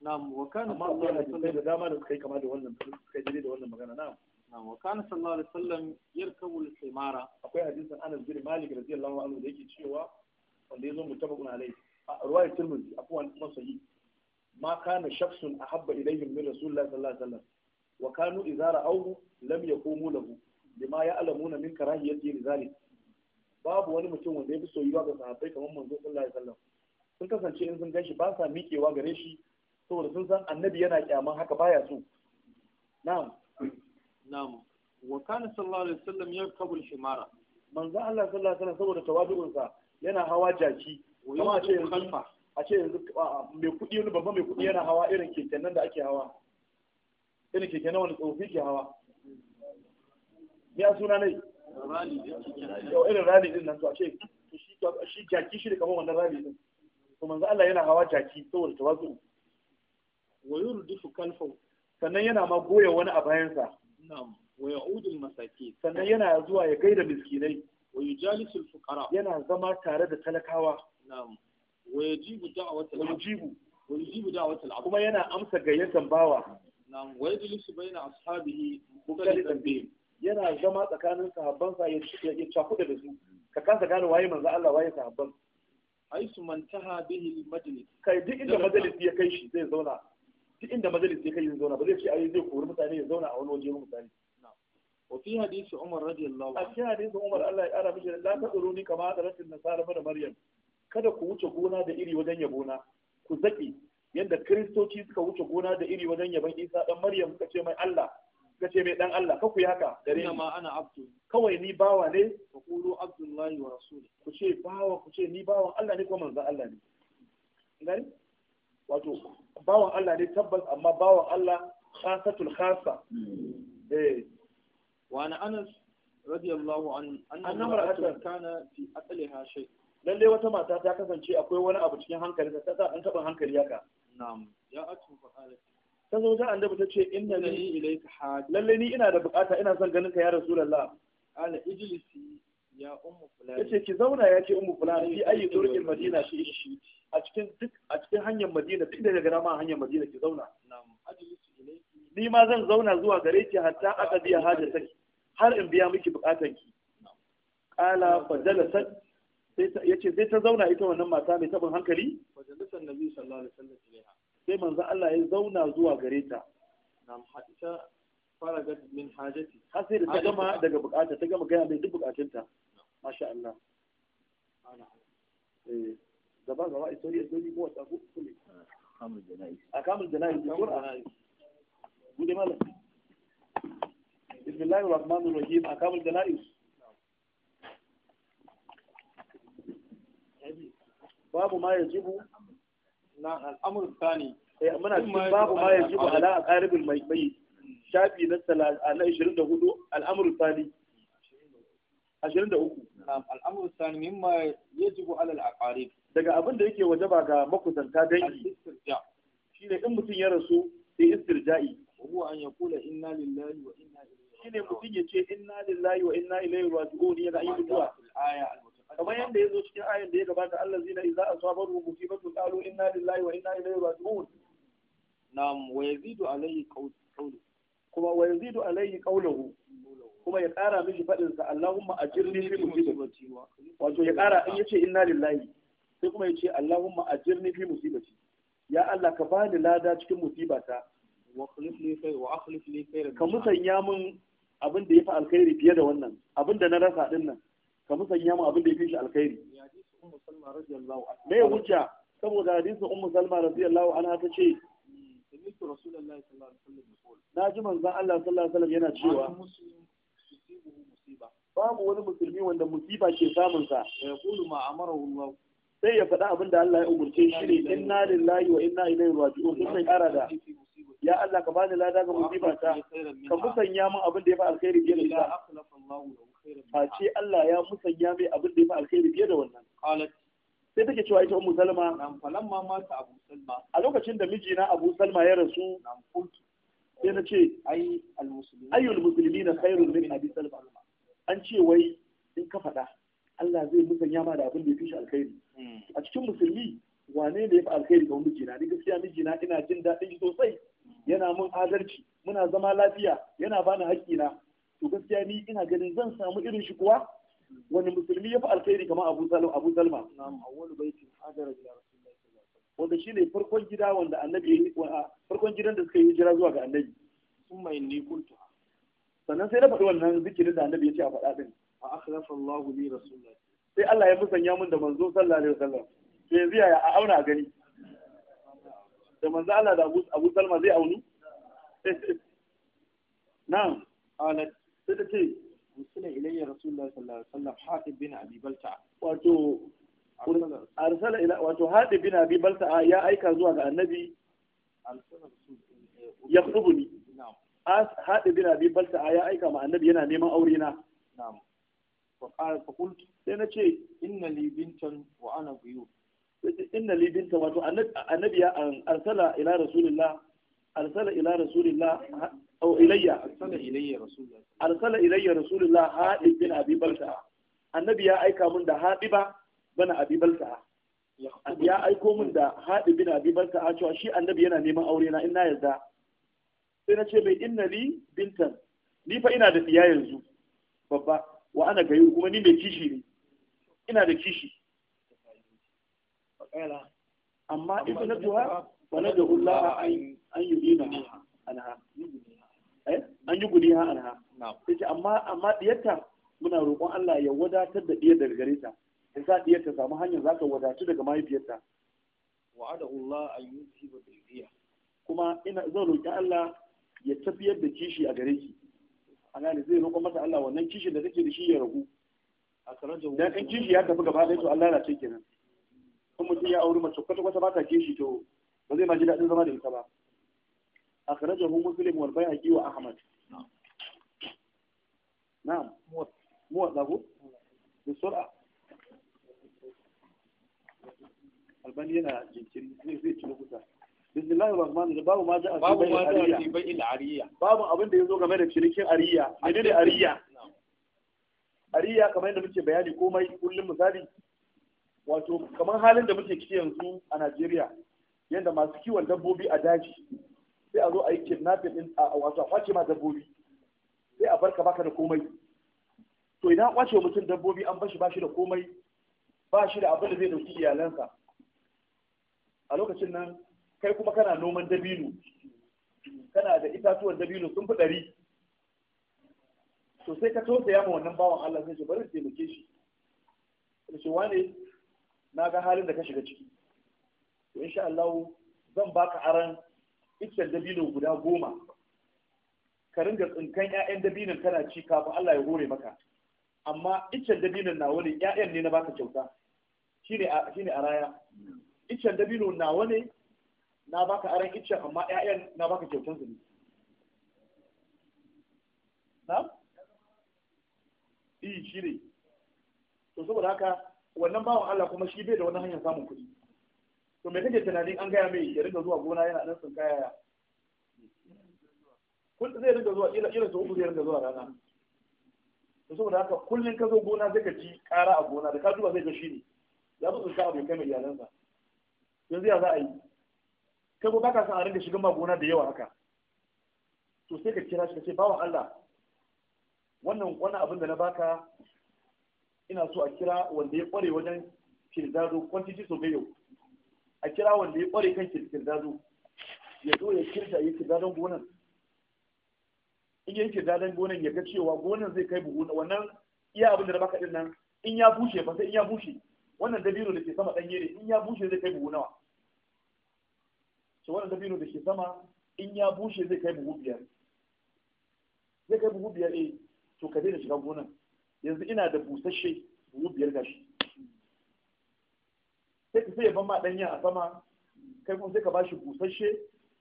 Speaker 1: na'am wa kana amma da dama da suka kama da wannan kai da wannan magana na'am wa kana sallallahu alaihi wasallam yarkabu al-himara akwai hadisin Anas bin Malik radiyallahu anhu da yake cewa wanda yazo mutabaqun alaihi a ruwayat Tirmidhi afwan kuma sahih ma kana shakhsun ahabba ilayhim min rasulillahi sallallahu alaihi wasallam wa kanu idza ra'awhu lam yaqumu lahu bima ya'lamuna min karahiyati lidhalik babu wani mutum wanda ya fi soyuwa ga sahabbai kamar manzo sallallahu alaihi sun kasance in sun gashi ba sa miƙewa gare shi saboda sun san annabi yana kyaman haka baya so Na. na'am wa kana sallallahu alaihi wasallam yarkabul himara manzo Allah sallallahu alaihi wasallam saboda tawadu'unsa yana hawa jaki kuma a ce yanzu a ce yanzu mai kuɗi wani babban mai kuɗi yana hawa irin keken nan da ake hawa irin keken nan wani tsofi ke hawa ya suna ne
Speaker 2: yau irin rali
Speaker 1: din nan to a ce shi jaki shi da kamar wannan rali din to manzo Allah yana hawa jaki saboda tawazu wa yurdifu kalfahu sannan yana ma goya wani a bayansa Na'am, wa ya'udul masaki sannan yana zuwa ya gaida miskinai wa yujalisul fuqara yana zama tare da talakawa na'am wa yajibu da'watul wa yajibu wa yajibu da'watul kuma yana amsa gayyatan bawa na'am wa yajlisu baina ashabihi mukallatan bihim yana zama tsakanin sahabbansa ya ya chafu da su ka kasa gane waye manzo Allah waye sahabban haisu mantaha bihi majlis kai duk inda majalisi ya kai shi zai zauna duk inda majalis ya kai zauna ba zai ce ai zai kori mutane ya zauna a wani waje ba misali وفي حديث عمر رضي الله عنه في حديث عمر الله يقرا مجد لا تدروني كما درست nasara بن Maryam. kada ku wuce gona da iri wajen yabona ku zaki yadda kristoci suka wuce gona da iri wajen yabon isa dan maryam suka ce mai allah suka ce mai dan allah ka ku yi haka gare ni ana abdu kawai ni bawa ne ku kulu abdullahi wa rasuli ku ce bawa ku ce ni bawan allah ne ko manzo allah ne gani wato bawan Allah ne tabbas amma bawan Allah khasatul khasa eh wa ana anas radiyallahu an anna mar'atan kana fi aqliha shay lalle wata mata ta kasance akwai wani abu cikin hankali ta ta an taba hankali yaka. na'am
Speaker 2: ya atu fa qalat
Speaker 1: ta zo ta annabi ta ce inna li ilayka haj lalle ni ina da bukata ina son ganin ka ya rasulullah
Speaker 2: ala ijlisi ya ce ki
Speaker 1: zauna ya ce umu fulani fi ayi turkin madina shi shi a cikin duk a cikin hanyar madina duk daga gara ma hanyar madina ki zauna ni ma zan zauna zuwa gare ki hatta aka biya saki. har in biya miki bukatan ki qala sai yace sai ta zauna ita wannan mata mai tabin hankali fajalasan nabi sallallahu alaihi wasallam sai manzo Allah ya zauna zuwa gare ta nam hatta faragat min hajati har sai da ta gama daga bukata ta gama gaya mai duk bukatunta masha Allah eh, gaba gaba ko a kamul jana'iz da malam bismillahir rahmanir rahim a babu ma yajibu na al'amur eh, muna cikin babu ma yajibu ala shafi na hudu al'amuru tsali uku al'amuru tsali mimma ya jibo alal aqarib daga abin da yake ba ga makusanta dangi ne in mutum ya rasu sai istirja'i huwa an kula inna lillahi wa inna ilaihi ne mutum ya ce inna lillahi wa inna ilaihi raji'un yana yin zuwa. kamar yadda ya zo cikin ayan da ya gabata Allah zina idza asabaru musibatu qalu inna lillahi wa inna ilaihi raji'un nam wa yazidu alayhi qawlu kuma wa yazidu alayhi qawluhu kuma ya ƙara mishi faɗin sa Allahumma ajirni fi musibati wato ya ƙara in yace inna lillahi sai kuma yace Allahumma ajirni fi musibati ya Allah ka bani lada cikin musibata wa akhlif li wa ka musanya min abin da yafi alkhairi fiye da wannan abin da na rasa din nan ka musanya min abin da yafi shi alkhairi me hujja saboda hadisin ummu salma radiyallahu anha ta ce Sami'tu Rasulullahi sallallahu alaihi wasallam yaqul. Na ji manzon Allah sallallahu alaihi wasallam yana cewa babu wani musulmi wanda musiba ke samun sa. Ya yaqulu ma amarahu Allah. Sai ya faɗa abin da Allah ya umurce shi ne inna lillahi wa inna ilaihi raji'un duk mai ƙara da ya Allah ka bani lada ga musiba ta ka musanya min abin da ya fi alkhairi fiye da ta. Face Allah ya musanya mai abin da ya fi alkhairi fiye da
Speaker 2: wannan.
Speaker 1: sai take cewa ita ummu salma nan falamma mata abu salma a lokacin da mijina abu salma ya rasu nan kuntu sai na ce ai almuslimin ayyul muslimina khairun min abi salma an ce wai in ka faɗa Allah zai musanya ma da abin da ya fi shi alkhairi hmm. a cikin musulmi wane ne ya fi alkhairi ga mijina ni gaskiya mijina ina jin daɗin sosai hmm. yana mun adalci muna zama lafiya yana bani haƙƙina to gaskiya ni ina ganin zan samu irin shi kuwa wani musulmi ya fi alkhairi kamar Abu Salma Abu Salma wanda shine farkon gida wanda annabi ya yi farkon gidan da suka yi hijira zuwa ga annabi summa inni kuntu sannan sai na faɗi wannan zikirin da annabi ya ce a faɗa din a akhlafa Allahu bi rasulullahi sai Allah ya musanya mun da manzo sallallahu alaihi wasallam sai yanzu yaya a auna gani da manzo Allah da Abu Salma zai aunu *laughs* Na alat sai ta ce arsala ilayya rasulullahi sallallahu bin abi balta wato ya aika zuwa ga annabi
Speaker 2: ya khubuni
Speaker 1: hatib bin abi balta ya aika ma annabi yana neman aure na na'am fa sai nace inna li bintan wa biyu wato annabi ya arsala ila rasulullahi arsala ila rasulillah aw ilayya arsala ilayya rasulullah arsala ilayya rasulullah hadib bin abi balta annabi ya aika mun da hadiba bana abi balta ya aiko mun da hadib bin abi balta a cewa shi annabi yana neman aure na ina yarda sai na ce mai inna li bintan ni fa ina da diya yanzu babba wa ana gayu kuma ni mai kishi ne ina da kishi amma ibnatuha wa nadullah an an yi gina anha eh, an yi guni ha anha ce amma amma diyarta muna roƙon Allah ya wadatar da diyar daga gare ta in za diyar ta samu hanyar za ka wadatu daga ta. wa'adahu Allah an yuzhiba bihiya kuma ina zan roƙi Allah ya tafiyar da kishi a gare ki a gane zai roƙon masa Allah wannan kishin da take da shi ya ragu
Speaker 2: dan in kishi ya tafi gaba ɗaya to
Speaker 1: Allah na ce kenan in mutum ya auri mace kwata kwata ba ta kishi to ba zai ma ji daɗin zama da ita ba akhrajahu muslim wal bayhaqi wa ahmad na'am muwadda ko بسرعة البني هنا يمكن زي شنو بسم الله الرحمن الرحيم باب ما جاء باب ما جاء في بيع العرية باب abin da yazo game da cinikin ariya menene ariya ariya kamar yadda muke bayani komai kullum misali wato kamar halin da muke ciki yanzu a Najeriya yadda masu kiwon dabbobi a daji sai a zo a yi kidnapping din a wato a kwace ma dabbobi sai a barka baka da komai to idan kwace mutum dabbobi an bashi bashi da komai ba shi da abin da zai dauki iyalansa a lokacin nan kai kuma kana noman dabino kana da itatuwan dabino sun fi ɗari to sai ka tausaya ma wannan bawan Allah sai ce bari taimake shi da ce wane na ga halin da ka shiga ciki to insha Allah zan baka aran iskar dabino guda goma ka ringa tsinkan 'ya'yan dabinin kana ci kafin Allah ya hore maka amma iskar dabinin na wani 'ya'yan ne na baka kyauta shine a shine a raya iskar dabino nawa ne na baka aran iskar amma 'ya'yan na baka kyautan su ne na? Iyi e, shi ne. To saboda haka wannan bawan Allah kuma shi bai da wani hanyar samun kuɗi. to me kake tunanin an gaya mai ya riga zuwa gona yana nan sun kaya kun zai riga zuwa ila ila uku zai riga zuwa rana to saboda haka kullun ka zo gona zai ka ji ƙara a gona da ka duba zai ga shi ne ya zo tsinka abu kai mai iyalansa yanzu ya za a yi kai ko baka san a riga shigan ma gona da yawa haka to sai ka kira shi ka ce bawan Allah wannan wannan abin da na baka ina so a kira wanda ya kware wajen kirdado quantity yau. a kira wanda ya kware kan kirkirdazo ya zo ya kirta ya kirdadon gonan in ya kirdadon gonan ya ga cewa gonan zai kai buhu wannan iya abin da na baka din nan in ya bushe ba sai in ya bushe wannan dabino da ke sama dan ne in ya bushe zai kai buhu nawa to wannan dabino da ke sama in ya bushe zai kai buhu biyar zai kai buhu biyar eh to ka daina shiga gonan yanzu ina da busasshe buhu biyar gashi sai ka sai ban ma danyen a sama kai kuma sai ka bashi busasshe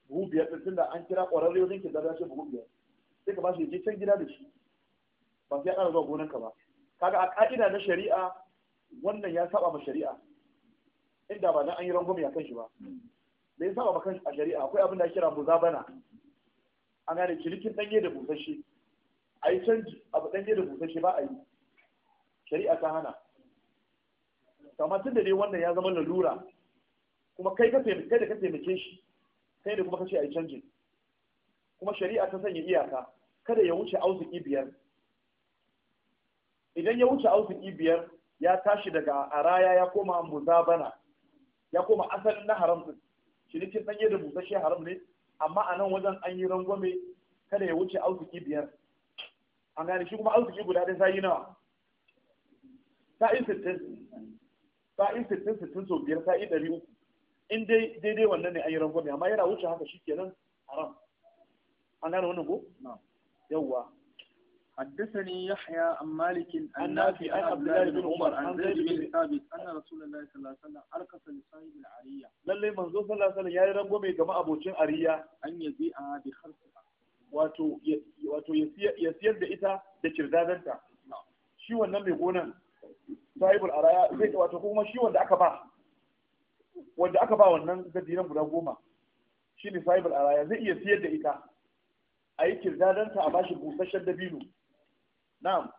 Speaker 1: buhu biyar din tunda an kira ƙwararre wajen ke zarra shi buhu biyar sai ka bashi ya je can gida da shi ba sai ya ƙara zuwa gonan ka ba kaga a ƙa'ida na shari'a wannan ya saba ma shari'a inda ba nan an yi rangwame a kan shi ba da ya saba ma kan a shari'a akwai abin da kira muzabana a gane cinikin ɗanye da busasshe a yi canji abu ɗanye da busasshe ba a yi shari'a ta hana amma tun da dai wannan ya zama lalura kuma kai ka kai da ka taimake shi kai da kuma ka ce a canjin kuma shari'a ta sanya iyaka kada ya wuce auziki biyar idan ya wuce auziki biyar ya tashi daga araya ya koma muzabana ya koma asalin na haram din shi ne ɗanye da busasshe haram ne amma a nan wajen an yi rangwame kada ya wuce auziki biyar an gane shi kuma auziki guda ɗaya sa'i nawa sa'i sa'in sittin sittin sau biyar sa'i ɗari uku in dai daidai wannan ne an yi rangwame amma yana wuce haka shi kenan haram an gane wannan ko yawwa حدثني يحيى عن مالك عن نافع عن عبد الله بن عمر عن زيد بن
Speaker 2: ثابت ان رسول الله صلى الله عليه وسلم اركس لصاحب العريه
Speaker 1: لله منزو صلى الله عليه وسلم yayi rangwame ga ariya an yabi a bi kharsa wato wato ya siyar da ita da kirdadanta shi wannan mai gonar. sahibul araya zai ce wato kuma shi wanda aka ba wanda aka ba wannan gadinan guda goma shi ne sahibul araya zai iya siyar da ita a yi kirdadanta a bashi busasshen dabino na'am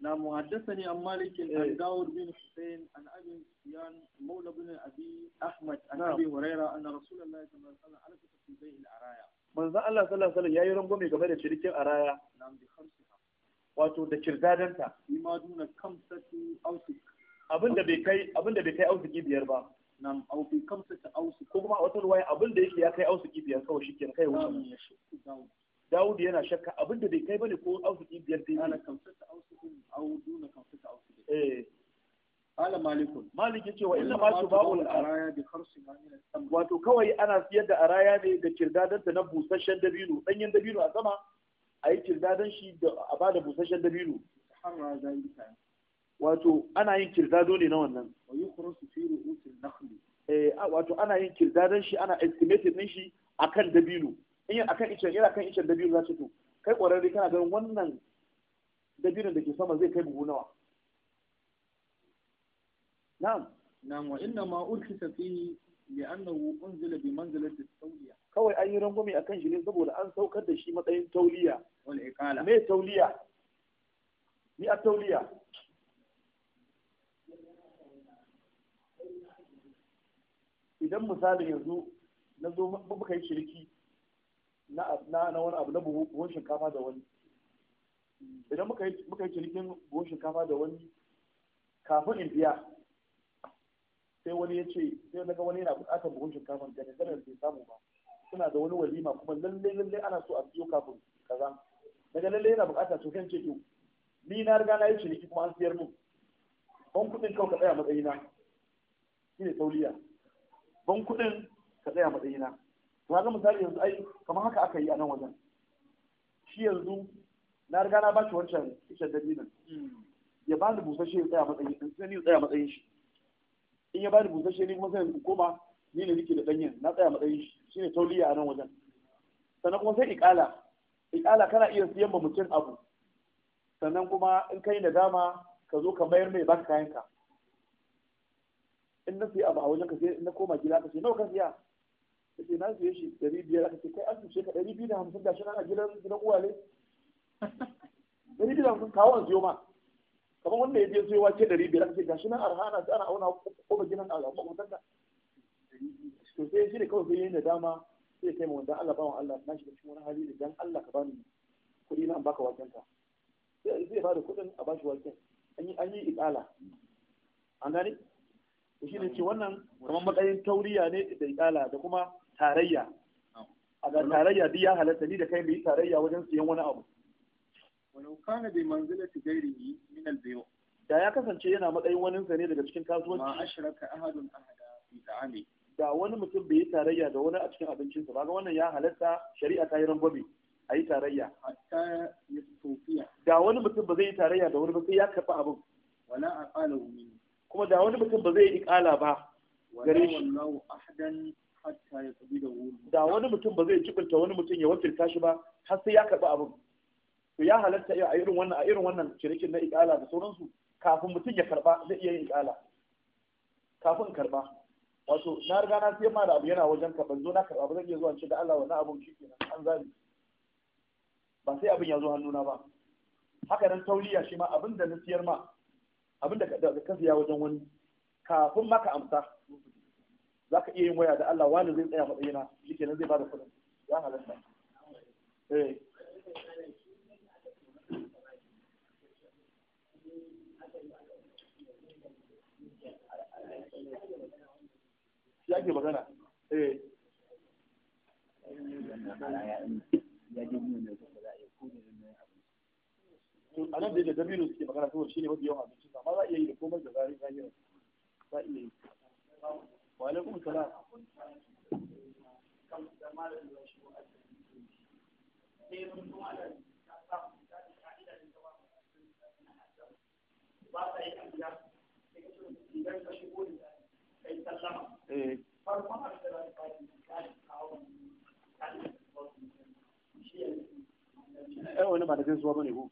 Speaker 1: na muhaddasani an maliki al eh. dawud
Speaker 2: bin hussein an abi
Speaker 1: yan maula bin abi ahmad an abi huraira anna rasulullahi sallallahu alaihi wasallam alaka fi bai'il araya manzo Allah sallallahu alaihi wasallam yayi rangwame game da shirkin araya na'am bi khamsi wato da kirdadanta Ima duna kamsati ausik abinda bai kai abinda bai kai ausiki biyar ba nam au bi kamsati ausik ko kuma a wata ruwaya abinda yake ya kai ausiki biyar kawai shikenan kai wani. Dawud yana shakka abinda bai kai bane ko ausiki biyar dai ana kamsati ausikin au duna kamsati ausik eh ala malikun malik yace wa inna ma tu ba'ul araya bi kharsiha min wato kawai ana siyar da araya ne da kirdadanta na busasshen dabino danyen dabino a sama a yi kirdadan shi da a bada busasshen dabino wato ana yin kirdado ne na wannan eh, wato ana yin kirdadan shi ana estimated nishi shi kan dabino in akan icen yana kan icen dabino za to kai kwararre kana ganin wannan dabinon da ke sama zai kai buhu nawa na'am na'am wa inna ma urkisa fihi li annahu unzila bi manzilati tawliya kawai an yi rangwame a kan shi ne saboda an saukar da shi matsayin tauliya me tauliya ni a tauliya idan misali yanzu na zo muka yi shirki na wani abu na buhun shinkafa da wani idan muka yi shirkin buhun shinkafa da wani kafin in biya sai wani ya ce sai na ga wani yana bukatar buhun shinkafa da ne zanen bai samu ba suna da wani walima kuma lalle lalle ana so a siyo kafin kaza daga lalle yana bukata to kan ce to ni na riga na yi ciniki kuma an siyar mun ban kudin kawai ka tsaya matsayina shine tauliya ban kudin ka tsaya matsayina to haka misali yanzu ai kamar haka aka yi a nan wajen shi yanzu na riga na ba shi wancan kishin dalilin ya ba ni busasshe ya tsaya matsayin sai ni tsaya matsayin shi in ya ba ni busasshe ni kuma sai in koma ni ne nake da danyen na tsaya matsayin shi shine tauliya a nan wajen sannan kuma sai iƙala iƙala kana iya siyan ba mutum abu sannan kuma in kai nadama ka zo ka mayar mai baka kayanka in na siya abu a wajen ka sai na koma gida ka ce nawa ka siya kace na siye shi ɗari biyar aka ce kai an ka ɗari biyu da hamsin da shi nan a gidan gidan uwale *laughs* ɗari biyu da hamsin kawo an siyo ma kamar wanda ya je siyo wace ɗari biyar aka ce gashi shi nan arha ana ana auna koma gidan al'umma kuma to sai shi da kawai sai yi da dama sai ya mu wanda Allah bawan Allah na shiga cikin wani hali da dan Allah ka bani kuɗi na an baka waken ka sai zai bada kuɗin a bashi waken an yi an yi iqala an gane to shi ne ce wannan kamar matsayin tauriya ne da iqala da kuma tarayya a ga tarayya duk ya halatta ni da kai mai tarayya wajen siyan wani abu
Speaker 2: walau kana bi
Speaker 1: manzilati ghairihi min al-bay' da ya kasance yana matsayin waninsa ne daga cikin kasuwanci ma ashraka ahadun ahada fi ta'ami da wani mutum bai yi tarayya da wani a cikin abincinsa ba ga wannan ya halatta shari'a ta yi rangwame a yi tarayya da wani mutum ba zai yi tarayya da wani ba sai ya karɓi abin wala aqala min kuma da wani mutum ba zai yi iqala ba gare shi da wani mutum ba zai jibinta wani mutum ya wakilta shi ba har sai ya karɓi abin to ya halatta a irin wannan a irin wannan cirikin na iƙala da sauransu kafin mutum ya karɓa zai iya yin iƙala? kafin karɓa wato na riga na siyan ma da abu yana wajen ka ban zo na karɓa ba zan iya zuwa ce da Allah wannan abun shikenan an zabi ba sai abin ya zo hannuna ba haka nan tauliya shi ma abin da na siyar ma abin da ka siya wajen wani kafin maka amsa za ka iya yin waya da Allah wani zai tsaya matsayina nan zai bada kuɗin ya halatta eh shi ake magana eh a
Speaker 2: nan da
Speaker 1: yake dabino suke magana saboda shi ne mafi yawan abinci amma za a iya yi da da zari za a iya yi
Speaker 2: wa alaikum salam ba sa
Speaker 1: Eh. ai wani ba da gaisuwa bane ko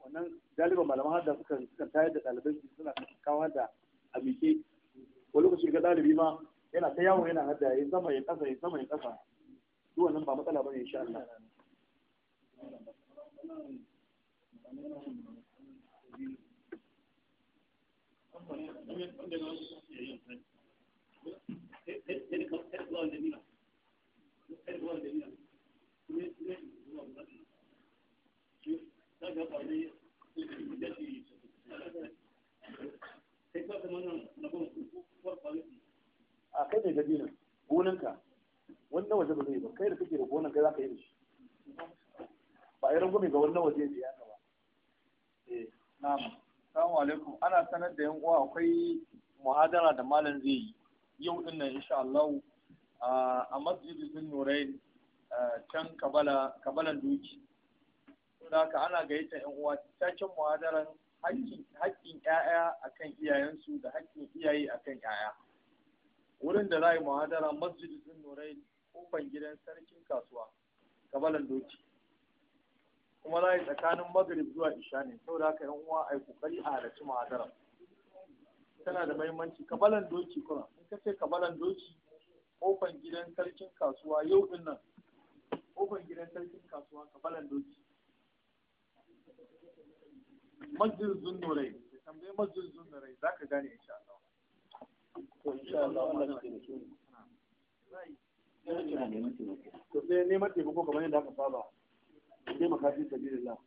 Speaker 1: wannan galiban malaman hadda suka suka tayar da ɗalibai suna kawo da a miƙe wani lokaci ga ɗalibi ma yana ta yawon yana hada ya sama ya ƙasa ya sama ya ƙasa duk wannan ba matsala bane insha Allah
Speaker 2: Thank you. a
Speaker 1: kai ne gabi nan gonanka waje ba zai ba kai da kake da gonan kai za ka yi ba a yi ga wannan waje da ya ba eh na'am Assalamu alaikum. Ana sanar da yan uwa akwai muhadara da malam zai yi yau din nan insha Allah a masjidin Nurain can Kabala Kabalan Duki. Saboda haka ana gayyata yan uwa cikin muhadaran haƙƙin ƴaƴa akan iyayensu da haƙƙin iyaye akan 'ya'ya, Wurin da za yi muhadara masjidin bin Nurain kofan gidan sarkin kasuwa Kabalan Doki. kuma za a yi tsakanin magrib zuwa isha ne saboda haka yan uwa ai kokari a halarci muhadara tana da mahimmanci kabalan doki kuma in ka ce kabalan doki kofan gidan sarkin kasuwa yau din nan kofan gidan sarkin kasuwa kabalan doki masjid zunnurai da tambaye masjid zunnurai za ka gane insha Allah to insha Allah Allah ya tsare shi to sai neman taimako kamar yadda aka saba ku taimaka fi sabilillah